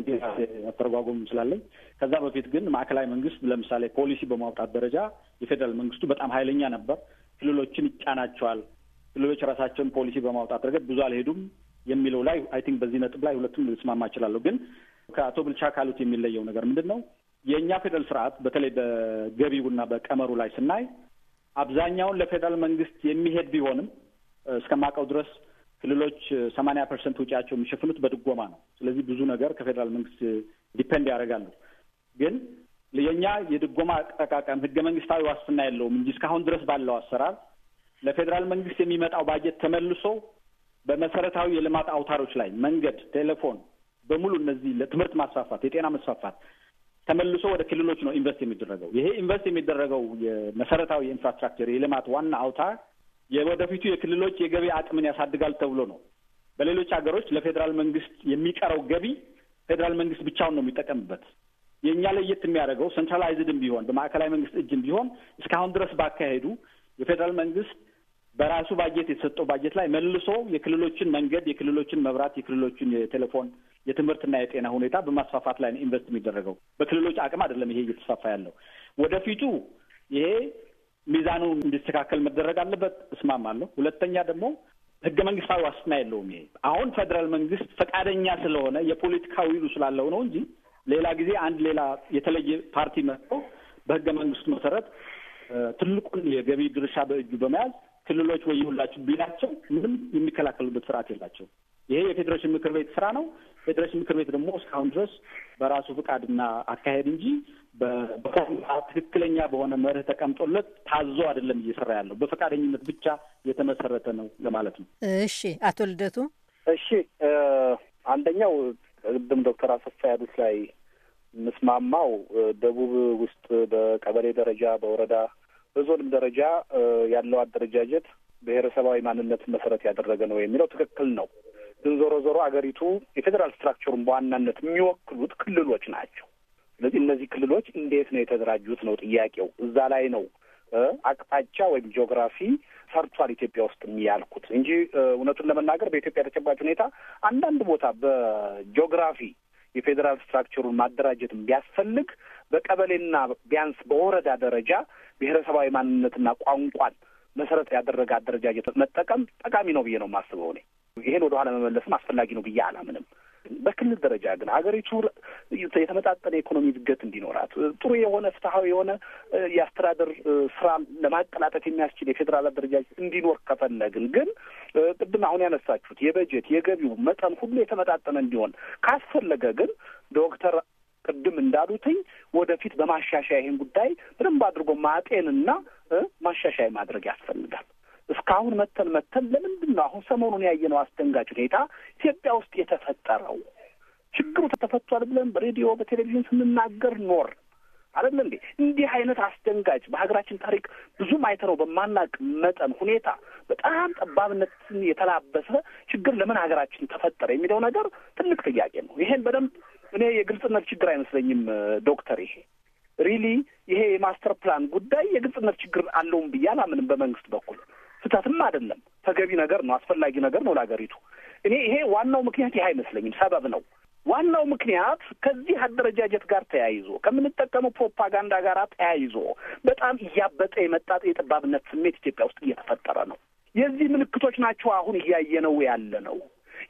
አተረጓጎም ስላለኝ። ከዛ በፊት ግን ማዕከላዊ መንግስት ለምሳሌ ፖሊሲ በማውጣት ደረጃ የፌዴራል መንግስቱ በጣም ኃይለኛ ነበር። ክልሎችን ይጫናቸዋል። ክልሎች ራሳቸውን ፖሊሲ በማውጣት ረገድ ብዙ አልሄዱም የሚለው ላይ አይ ቲንክ በዚህ ነጥብ ላይ ሁለቱም ልስማማ እችላለሁ። ግን ከአቶ ብልቻ ካሉት የሚለየው ነገር ምንድን ነው? የእኛ ፌዴራል ስርዓት በተለይ በገቢውና በቀመሩ ላይ ስናይ አብዛኛውን ለፌዴራል መንግስት የሚሄድ ቢሆንም እስከማውቀው ድረስ ክልሎች ሰማንያ ፐርሰንት ውጪያቸው የሚሸፍኑት በድጎማ ነው። ስለዚህ ብዙ ነገር ከፌዴራል መንግስት ዲፔንድ ያደርጋሉ። ግን የእኛ የድጎማ አጠቃቀም ህገ መንግስታዊ ዋስትና የለውም እንጂ እስካሁን ድረስ ባለው አሰራር ለፌዴራል መንግስት የሚመጣው ባጀት ተመልሶ በመሰረታዊ የልማት አውታሮች ላይ መንገድ፣ ቴሌፎን በሙሉ እነዚህ ለትምህርት ማስፋፋት፣ የጤና መስፋፋት፣ ተመልሶ ወደ ክልሎች ነው ኢንቨስት የሚደረገው። ይሄ ኢንቨስት የሚደረገው የመሰረታዊ ኢንፍራስትራክቸር የልማት ዋና አውታር የወደፊቱ የክልሎች የገቢ አቅምን ያሳድጋል ተብሎ ነው። በሌሎች ሀገሮች ለፌዴራል መንግስት የሚቀረው ገቢ ፌዴራል መንግስት ብቻውን ነው የሚጠቀምበት። የእኛ ለየት የሚያደርገው ሴንትራላይዝድም ቢሆን በማዕከላዊ መንግስት እጅም ቢሆን እስካሁን ድረስ ባካሄዱ የፌዴራል መንግስት በራሱ ባጀት የተሰጠው ባጀት ላይ መልሶ የክልሎችን መንገድ፣ የክልሎችን መብራት፣ የክልሎችን የቴሌፎን የትምህርትና የጤና ሁኔታ በማስፋፋት ላይ ነው ኢንቨስት የሚደረገው። በክልሎች አቅም አይደለም ይሄ እየተስፋፋ ያለው። ወደፊቱ ይሄ ሚዛኑ እንዲስተካከል መደረግ አለበት፣ እስማማለሁ። ሁለተኛ ደግሞ ህገ መንግስታዊ ዋስትና የለውም። ይሄ አሁን ፌዴራል መንግስት ፈቃደኛ ስለሆነ የፖለቲካ ዊሉ ስላለው ነው እንጂ ሌላ ጊዜ አንድ ሌላ የተለየ ፓርቲ መጥቶ በህገ መንግስቱ መሰረት ትልቁን የገቢ ድርሻ በእጁ በመያዝ ክልሎች ሁላችሁ ቢላቸው ምንም የሚከላከሉበት ስርዓት የላቸው። ይሄ የፌዴሬሽን ምክር ቤት ስራ ነው። ፌዴሬሽን ምክር ቤት ደግሞ እስካሁን ድረስ በራሱ ፍቃድና አካሄድ እንጂ ትክክለኛ በሆነ መርህ ተቀምጦለት ታዞ አይደለም እየሰራ ያለው በፈቃደኝነት ብቻ የተመሰረተ ነው ለማለት ነው። እሺ፣ አቶ ልደቱ። እሺ፣ አንደኛው ቅድም ዶክተር አሰፋ ያሉት ላይ ምስማማው ደቡብ ውስጥ በቀበሌ ደረጃ በወረዳ በዞንም ደረጃ ያለው አደረጃጀት ብሔረሰባዊ ማንነትን መሰረት ያደረገ ነው የሚለው ትክክል ነው። ግን ዞሮ ዞሮ አገሪቱ የፌዴራል ስትራክቸሩን በዋናነት የሚወክሉት ክልሎች ናቸው። ስለዚህ እነዚህ ክልሎች እንዴት ነው የተደራጁት ነው ጥያቄው። እዛ ላይ ነው አቅጣጫ ወይም ጂኦግራፊ ሰርቷል ኢትዮጵያ ውስጥ የሚያልኩት እንጂ እውነቱን ለመናገር በኢትዮጵያ ተጨባጭ ሁኔታ አንዳንድ ቦታ በጂኦግራፊ የፌዴራል ስትራክቸሩን ማደራጀትን ቢያስፈልግ በቀበሌና ቢያንስ በወረዳ ደረጃ ብሔረሰባዊ ማንነትና ቋንቋን መሰረት ያደረገ አደረጃጀት መጠቀም ጠቃሚ ነው ብዬ ነው የማስበው እኔ። ይሄን ወደኋላ መመለስም አስፈላጊ ነው ብዬ አላምንም። በክልል ደረጃ ግን ሀገሪቱ የተመጣጠነ የኢኮኖሚ እድገት እንዲኖራት ጥሩ የሆነ ፍትሐዊ የሆነ የአስተዳደር ስራ ለማቀላጠፍ የሚያስችል የፌዴራል አደረጃጀት እንዲኖር ከፈለግን ግን ቅድም አሁን ያነሳችሁት የበጀት የገቢው መጠን ሁሉ የተመጣጠነ እንዲሆን ካስፈለገ ግን ዶክተር ቅድም እንዳሉትኝ ወደፊት በማሻሻያ ይህን ጉዳይ በደንብ አድርጎ ማጤንና ማሻሻያ ማድረግ ያስፈልጋል። እስካሁን መተን መተን ለምንድን ነው አሁን ሰሞኑን ያየነው አስደንጋጭ ሁኔታ ኢትዮጵያ ውስጥ የተፈጠረው? ችግሩ ተፈቷል ብለን በሬዲዮ በቴሌቪዥን ስንናገር ኖር አይደለ እንዴ? እንዲህ አይነት አስደንጋጭ በሀገራችን ታሪክ ብዙም አይተነው በማናቅ መጠን ሁኔታ በጣም ጠባብነትን የተላበሰ ችግር ለምን ሀገራችን ተፈጠረ የሚለው ነገር ትልቅ ጥያቄ ነው። ይሄን በደንብ እኔ የግልጽነት ችግር አይመስለኝም ዶክተር። ይሄ ሪሊ ይሄ የማስተር ፕላን ጉዳይ የግልጽነት ችግር አለውም ብዬ አላምንም በመንግስት በኩል ስህተትም አይደለም፣ ተገቢ ነገር ነው፣ አስፈላጊ ነገር ነው ለሀገሪቱ። እኔ ይሄ ዋናው ምክንያት ይህ አይመስለኝም፣ ሰበብ ነው። ዋናው ምክንያት ከዚህ አደረጃጀት ጋር ተያይዞ ከምንጠቀመው ፕሮፓጋንዳ ጋር ተያይዞ በጣም እያበጠ የመጣ የጠባብነት ስሜት ኢትዮጵያ ውስጥ እየተፈጠረ ነው። የዚህ ምልክቶች ናቸው አሁን እያየነው ያለ ነው።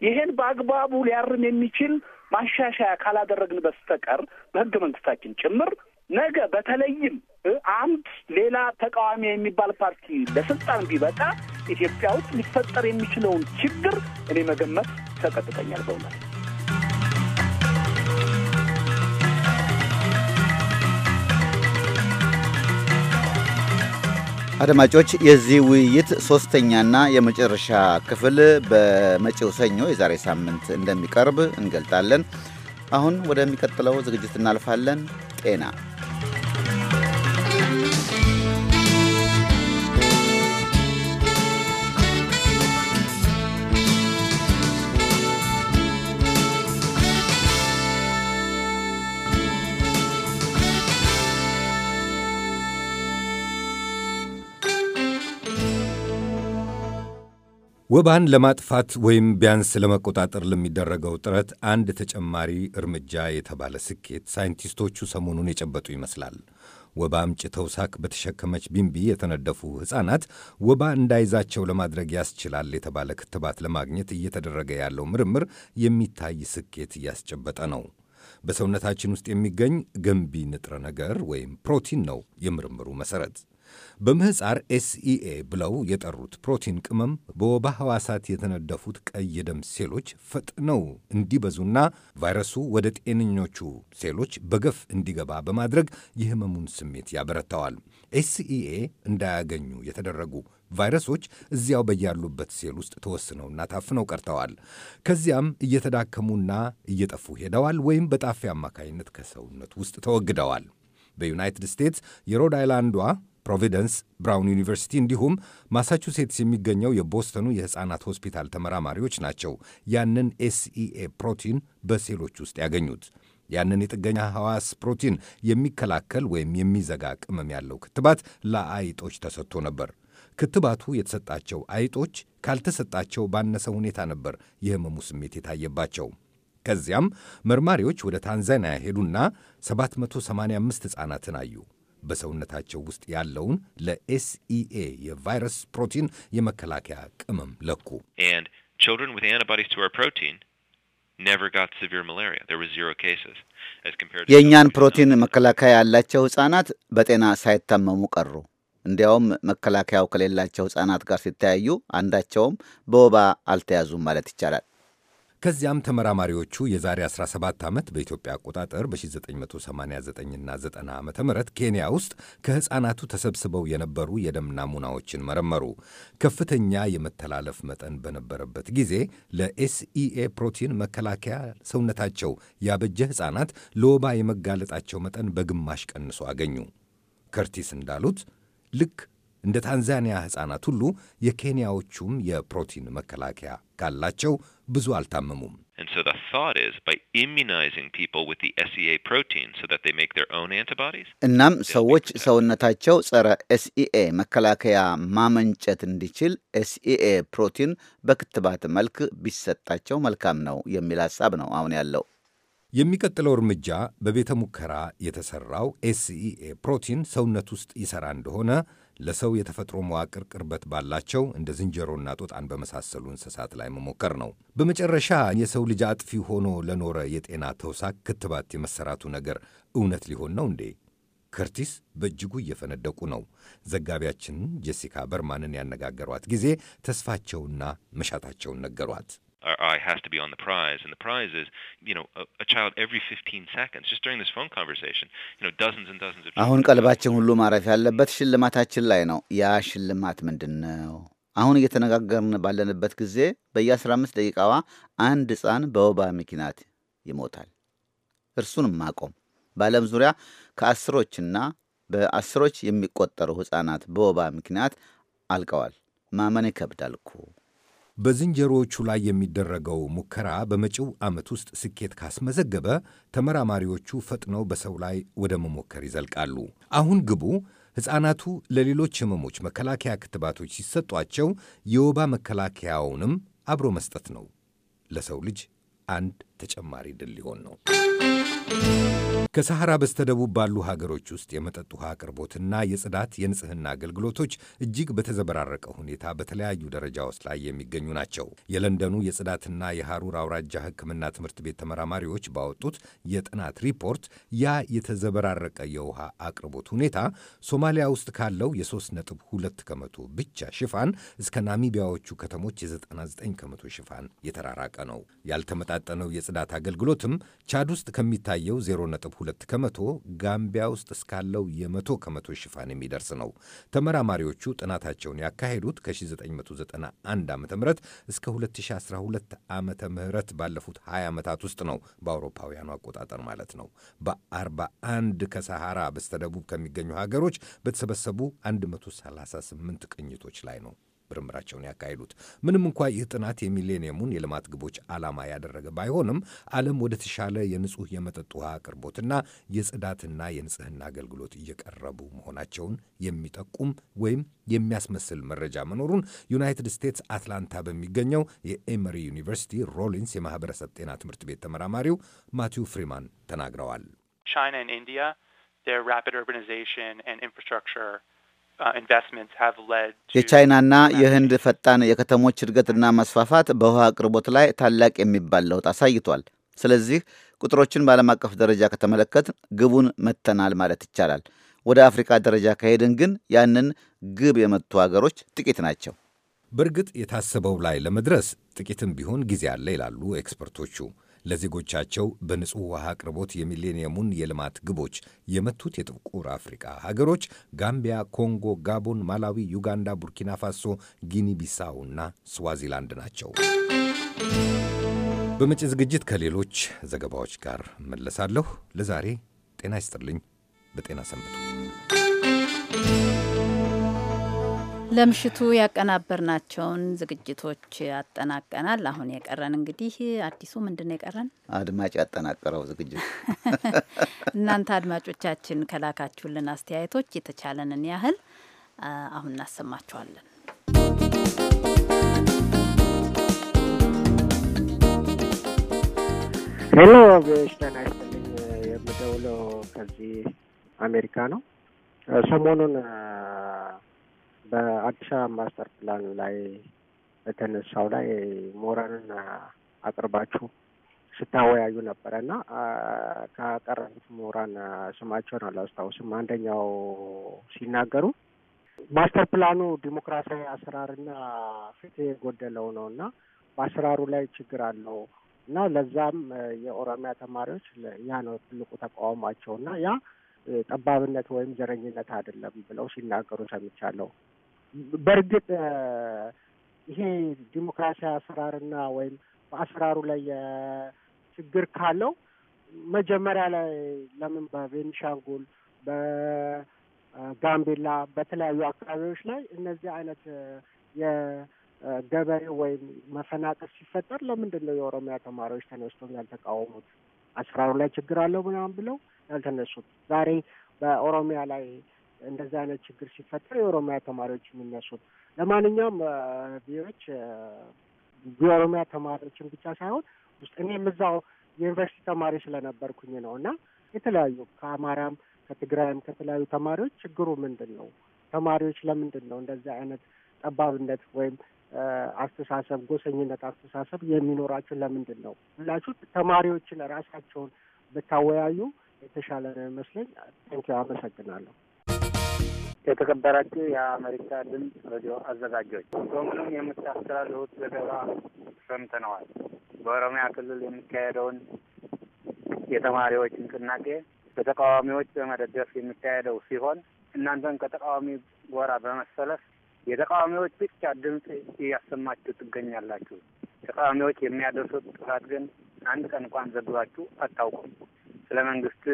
ይሄን በአግባቡ ሊያርም የሚችል ማሻሻያ ካላደረግን በስተቀር በህገ መንግስታችን ጭምር ነገ በተለይም አንድ ሌላ ተቃዋሚ የሚባል ፓርቲ ለስልጣን ቢበቃ ኢትዮጵያ ውስጥ ሊፈጠር የሚችለውን ችግር እኔ መገመት ተቀጥቀኛል በእውነት። አድማጮች የዚህ ውይይት ሶስተኛና የመጨረሻ ክፍል በመጪው ሰኞ የዛሬ ሳምንት እንደሚቀርብ እንገልጣለን። አሁን ወደሚቀጥለው ዝግጅት እናልፋለን። ጤና ወባን ለማጥፋት ወይም ቢያንስ ለመቆጣጠር ለሚደረገው ጥረት አንድ ተጨማሪ እርምጃ የተባለ ስኬት ሳይንቲስቶቹ ሰሞኑን የጨበጡ ይመስላል። ወባ አምጪ ተውሳክ በተሸከመች ቢንቢ የተነደፉ ሕፃናት ወባ እንዳይዛቸው ለማድረግ ያስችላል የተባለ ክትባት ለማግኘት እየተደረገ ያለው ምርምር የሚታይ ስኬት እያስጨበጠ ነው። በሰውነታችን ውስጥ የሚገኝ ገንቢ ንጥረ ነገር ወይም ፕሮቲን ነው የምርምሩ መሠረት። በምህፃር ኤስኢኤ ብለው የጠሩት ፕሮቲን ቅመም በወባ ህዋሳት የተነደፉት ቀይ የደም ሴሎች ፈጥነው እንዲበዙና ቫይረሱ ወደ ጤነኞቹ ሴሎች በገፍ እንዲገባ በማድረግ የህመሙን ስሜት ያበረታዋል። ኤስኢኤ እንዳያገኙ የተደረጉ ቫይረሶች እዚያው በያሉበት ሴል ውስጥ ተወስነውና ታፍነው ቀርተዋል። ከዚያም እየተዳከሙና እየጠፉ ሄደዋል ወይም በጣፊ አማካኝነት ከሰውነት ውስጥ ተወግደዋል። በዩናይትድ ስቴትስ የሮድ አይላንዷ ፕሮቪደንስ ብራውን ዩኒቨርሲቲ እንዲሁም ማሳቹሴትስ የሚገኘው የቦስተኑ የሕፃናት ሆስፒታል ተመራማሪዎች ናቸው ያንን ኤስኢኤ ፕሮቲን በሴሎች ውስጥ ያገኙት። ያንን የጥገኛ ሐዋስ ፕሮቲን የሚከላከል ወይም የሚዘጋ ቅመም ያለው ክትባት ለአይጦች ተሰጥቶ ነበር። ክትባቱ የተሰጣቸው አይጦች ካልተሰጣቸው ባነሰ ሁኔታ ነበር የህመሙ ስሜት የታየባቸው። ከዚያም መርማሪዎች ወደ ታንዛኒያ ሄዱና 785 ሕፃናትን አዩ። በሰውነታቸው ውስጥ ያለውን ለኤስኢኤ የቫይረስ ፕሮቲን የመከላከያ ቅመም ለኩ። የእኛን ፕሮቲን መከላከያ ያላቸው ሕፃናት በጤና ሳይታመሙ ቀሩ። እንዲያውም መከላከያው ከሌላቸው ሕፃናት ጋር ሲተያዩ አንዳቸውም በወባ አልተያዙም ማለት ይቻላል። ከዚያም ተመራማሪዎቹ የዛሬ 17 ዓመት በኢትዮጵያ አቆጣጠር በ1989ና 90 ዓ ም ኬንያ ውስጥ ከሕፃናቱ ተሰብስበው የነበሩ የደም ናሙናዎችን መረመሩ። ከፍተኛ የመተላለፍ መጠን በነበረበት ጊዜ ለኤስኢኤ ፕሮቲን መከላከያ ሰውነታቸው ያበጀ ሕፃናት ለወባ የመጋለጣቸው መጠን በግማሽ ቀንሶ አገኙ። ከርቲስ እንዳሉት ልክ እንደ ታንዛኒያ ሕፃናት ሁሉ የኬንያዎቹም የፕሮቲን መከላከያ ካላቸው ብዙ አልታመሙም። እናም ሰዎች ሰውነታቸው ጸረ ኤስኢኤ e መከላከያ ማመንጨት እንዲችል ኤስኢኤ e ፕሮቲን በክትባት መልክ ቢሰጣቸው መልካም ነው የሚል ሐሳብ ነው አሁን ያለው። የሚቀጥለው እርምጃ በቤተ ሙከራ የተሠራው ኤስኢኤ e ፕሮቲን ሰውነት ውስጥ ይሠራ እንደሆነ ለሰው የተፈጥሮ መዋቅር ቅርበት ባላቸው እንደ ዝንጀሮና ጦጣን በመሳሰሉ እንስሳት ላይ መሞከር ነው። በመጨረሻ የሰው ልጅ አጥፊ ሆኖ ለኖረ የጤና ተውሳክ ክትባት የመሰራቱ ነገር እውነት ሊሆን ነው እንዴ? ከርቲስ በእጅጉ እየፈነደቁ ነው። ዘጋቢያችን ጄሲካ በርማንን ያነጋገሯት ጊዜ ተስፋቸውና መሻታቸውን ነገሯት። our eye has to be on the prize. And the prize is, you know, a, a child every 15 seconds, just during this phone conversation, you know, dozens and dozens of children. አሁን ቀልባችን ሁሉ ማረፍ ያለበት ሽልማታችን ላይ ነው። ያ ሽልማት ምንድን ነው? አሁን እየተነጋገርን ባለንበት ጊዜ በየ15 ደቂቃዋ አንድ ሕፃን በወባ ምክንያት ይሞታል። እርሱን ማቆም በዓለም ዙሪያ ከአስሮችና በአስሮች የሚቆጠሩ ሕፃናት በወባ ምክንያት አልቀዋል። ማመን ይከብዳል እኮ። በዝንጀሮዎቹ ላይ የሚደረገው ሙከራ በመጪው ዓመት ውስጥ ስኬት ካስመዘገበ ተመራማሪዎቹ ፈጥነው በሰው ላይ ወደ መሞከር ይዘልቃሉ። አሁን ግቡ ሕፃናቱ ለሌሎች ህመሞች መከላከያ ክትባቶች ሲሰጧቸው የወባ መከላከያውንም አብሮ መስጠት ነው። ለሰው ልጅ አንድ ተጨማሪ ድል ሊሆን ነው። ከሰሐራ በስተደቡብ ባሉ ሀገሮች ውስጥ የመጠጥ ውሃ አቅርቦትና የጽዳት የንጽህና አገልግሎቶች እጅግ በተዘበራረቀ ሁኔታ በተለያዩ ደረጃዎች ላይ የሚገኙ ናቸው። የለንደኑ የጽዳትና የሐሩር አውራጃ ሕክምና ትምህርት ቤት ተመራማሪዎች ባወጡት የጥናት ሪፖርት ያ የተዘበራረቀ የውሃ አቅርቦት ሁኔታ ሶማሊያ ውስጥ ካለው የ3.2 ከመቶ ብቻ ሽፋን እስከ ናሚቢያዎቹ ከተሞች የ99 ከመቶ ሽፋን የተራራቀ ነው። ያልተመጣጠነው የጽዳት አገልግሎትም ቻድ ውስጥ ከሚታየው 0 ሁለት ከመቶ ጋምቢያ ውስጥ እስካለው የመቶ ከመቶ ሽፋን የሚደርስ ነው። ተመራማሪዎቹ ጥናታቸውን ያካሄዱት ከ1991 ዓ ም እስከ 2012 ዓ ምህረት ባለፉት 20 ዓመታት ውስጥ ነው። በአውሮፓውያኑ አቆጣጠር ማለት ነው። በ41 ከሰሃራ በስተደቡብ ከሚገኙ ሀገሮች በተሰበሰቡ 138 ቅኝቶች ላይ ነው። ምርምራቸውን ያካሄዱት። ምንም እንኳ ይህ ጥናት የሚሌኒየሙን የልማት ግቦች ዓላማ ያደረገ ባይሆንም ዓለም ወደ ተሻለ የንጹሕ የመጠጥ ውሃ አቅርቦትና የጽዳትና የንጽህና አገልግሎት እየቀረቡ መሆናቸውን የሚጠቁም ወይም የሚያስመስል መረጃ መኖሩን ዩናይትድ ስቴትስ አትላንታ በሚገኘው የኤመሪ ዩኒቨርሲቲ ሮሊንስ የማህበረሰብ ጤና ትምህርት ቤት ተመራማሪው ማቲው ፍሪማን ተናግረዋል። ቻይና Uh, የቻይናና የህንድ ፈጣን የከተሞች እድገትና መስፋፋት በውሃ አቅርቦት ላይ ታላቅ የሚባል ለውጥ አሳይቷል። ስለዚህ ቁጥሮችን በዓለም አቀፍ ደረጃ ከተመለከት ግቡን መተናል ማለት ይቻላል። ወደ አፍሪካ ደረጃ ከሄድን ግን ያንን ግብ የመቱ ሀገሮች ጥቂት ናቸው። በእርግጥ የታሰበው ላይ ለመድረስ ጥቂትም ቢሆን ጊዜ አለ ይላሉ ኤክስፐርቶቹ። ለዜጎቻቸው በንጹሕ ውሃ አቅርቦት የሚሌኒየሙን የልማት ግቦች የመቱት የጥቁር አፍሪካ ሀገሮች ጋምቢያ፣ ኮንጎ፣ ጋቦን፣ ማላዊ፣ ዩጋንዳ፣ ቡርኪና ፋሶ፣ ጊኒ ቢሳው እና ስዋዚላንድ ናቸው። በመጪ ዝግጅት ከሌሎች ዘገባዎች ጋር መለሳለሁ። ለዛሬ ጤና ይስጥልኝ። በጤና ሰንብቱ። ለምሽቱ ያቀናበርናቸውን ዝግጅቶች ያጠናቀናል። አሁን የቀረን እንግዲህ አዲሱ ምንድን ነው የቀረን? አድማጭ ያጠናቀረው ዝግጅት እናንተ አድማጮቻችን ከላካችሁልን አስተያየቶች የተቻለንን ያህል አሁን እናሰማችኋለን። ሄሎ ቪዎች ይስጥልኝ። የምደውለው ከዚህ አሜሪካ ነው። ሰሞኑን በአዲስ አበባ ማስተር ፕላን ላይ በተነሳው ላይ ሞራንን አቅርባችሁ ስታወያዩ ነበረ እና ካቀረቡት ምሁራን ስማቸውን አላስታውስም። አንደኛው ሲናገሩ ማስተር ፕላኑ ዲሞክራሲያዊ አሰራርና ፍትህ የጎደለው ነው እና በአሰራሩ ላይ ችግር አለው እና ለዛም የኦሮሚያ ተማሪዎች ያ ነው ትልቁ ተቃውሟቸው እና ያ ጠባብነት ወይም ዘረኝነት አይደለም ብለው ሲናገሩ ሰምቻለሁ። በእርግጥ ይሄ ዲሞክራሲያዊ አሰራርና ወይም በአሰራሩ ላይ ችግር ካለው መጀመሪያ ላይ ለምን በቤኒሻንጉል በጋምቤላ በተለያዩ አካባቢዎች ላይ እነዚህ አይነት የገበሬ ወይም መፈናቀል ሲፈጠር ለምንድን ነው የኦሮሚያ ተማሪዎች ተነስቶ ያልተቃወሙት? አሰራሩ ላይ ችግር አለው ምናምን ብለው ያልተነሱት? ዛሬ በኦሮሚያ ላይ እንደዛ አይነት ችግር ሲፈጠር የኦሮሚያ ተማሪዎች የሚነሱት ለማንኛውም ቢዎች የኦሮሚያ ተማሪዎችን ብቻ ሳይሆን ውስጥ እኔ የምዛው የዩኒቨርሲቲ ተማሪ ስለነበርኩኝ ነው እና የተለያዩ ከአማራም ከትግራይም ከተለያዩ ተማሪዎች ችግሩ ምንድን ነው? ተማሪዎች ለምንድን ነው እንደዚህ አይነት ጠባብነት ወይም አስተሳሰብ ጎሰኝነት አስተሳሰብ የሚኖራቸው ለምንድን ነው ብላችሁ ተማሪዎችን ራሳቸውን ብታወያዩ የተሻለ ነው ይመስለኝ። ታንኪ አመሰግናለሁ። የተከበራችሁ የአሜሪካ ድምፅ ሬዲዮ አዘጋጆች ሶምኑን የምታስተላልፉት ዘገባ ሰምተነዋል። በኦሮሚያ ክልል የሚካሄደውን የተማሪዎች ንቅናቄ በተቃዋሚዎች በመደገፍ የሚካሄደው ሲሆን እናንተን ከተቃዋሚ ጎራ በመሰለፍ የተቃዋሚዎች ብቻ ድምፅ እያሰማችሁ ትገኛላችሁ። ተቃዋሚዎች የሚያደርሱት ጥፋት ግን አንድ ቀን እንኳን ዘግባችሁ አታውቁም። ስለ መንግስት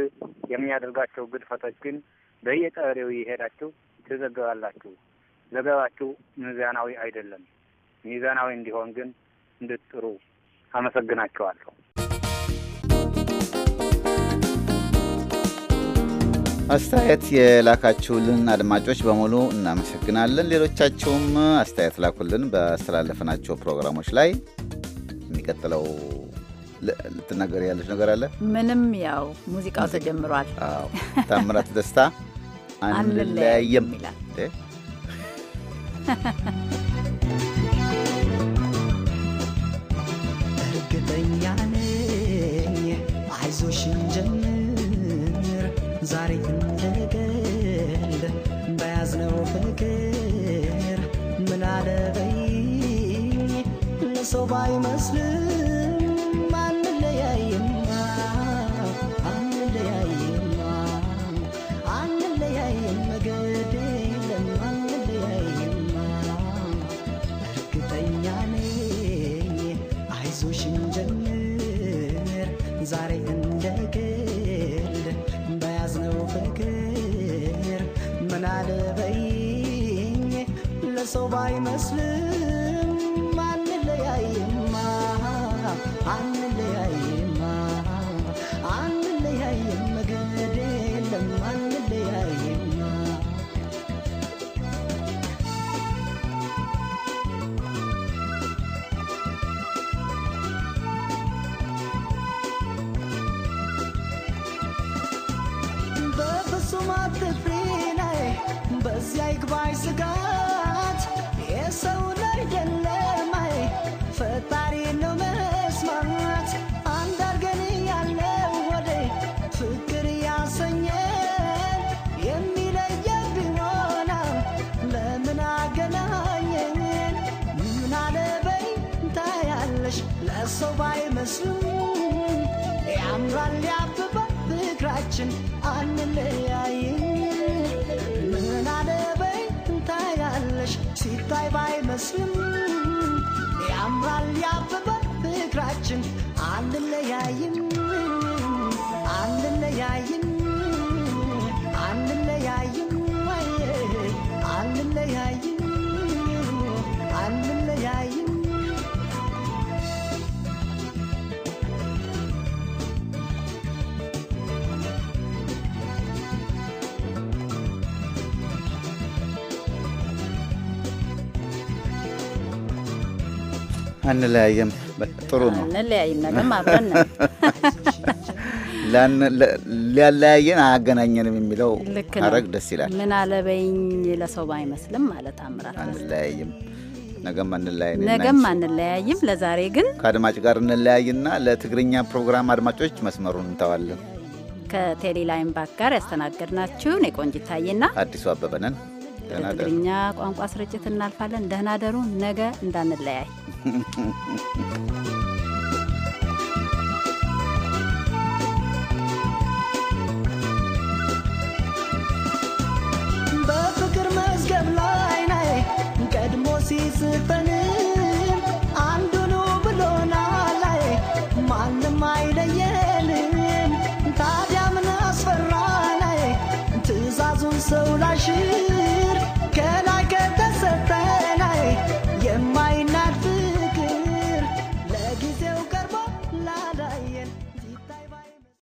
የሚያደርጋቸው ግድፈቶች ግን በየቀበሌው ይሄዳችሁ ትዘገባላችሁ። ዘገባችሁ ሚዛናዊ አይደለም። ሚዛናዊ እንዲሆን ግን እንድትጥሩ አመሰግናችኋለሁ። አስተያየት የላካችሁልን አድማጮች በሙሉ እናመሰግናለን። ሌሎቻችሁም አስተያየት ላኩልን ባስተላለፍናቸው ፕሮግራሞች ላይ። የሚቀጥለው ልትናገር ያለች ነገር አለ? ምንም ያው ሙዚቃው ተጀምሯል። ታምራት ደስታ አንለያየም ይላል። እርግጠኛ ነኝ አይዞሽ እንጀምር ዛሬ እንደገል በያዝነው ፍቅር ምን ለሰው ባይመስልም ሰው ባይመስልህ ያምራል ያብባል ፍቅራችን አንለያይ ምን አለበይ እንታያለሽ ሲታይ ባይመስልም ያምራል ያብባል ፍቅራችን አንለያይም አንለያይም አንለያይም አንለያይም አንለያየም። ጥሩ ነው። አንለያይም። ነገም አብረን ነን። ሊያለያየን አያገናኘንም የሚለው አረግ ደስ ይላል። ምን አለበኝ ለሰው ባይመስልም ማለት አምራት። አንለያይም፣ ነገም አንለያይም፣ ነገም አንለያይም። ለዛሬ ግን ከአድማጭ ጋር እንለያይና ለትግርኛ ፕሮግራም አድማጮች መስመሩን እንተዋለን። ከቴሌ ባክ ጋር ያስተናገድናችሁ እኔ ቆንጂት ታዬና አዲሱ አበበ ነን። ወደ ትግርኛ ቋንቋ ስርጭት እናልፋለን። ደህና ደሩ። ነገ እንዳንለያይ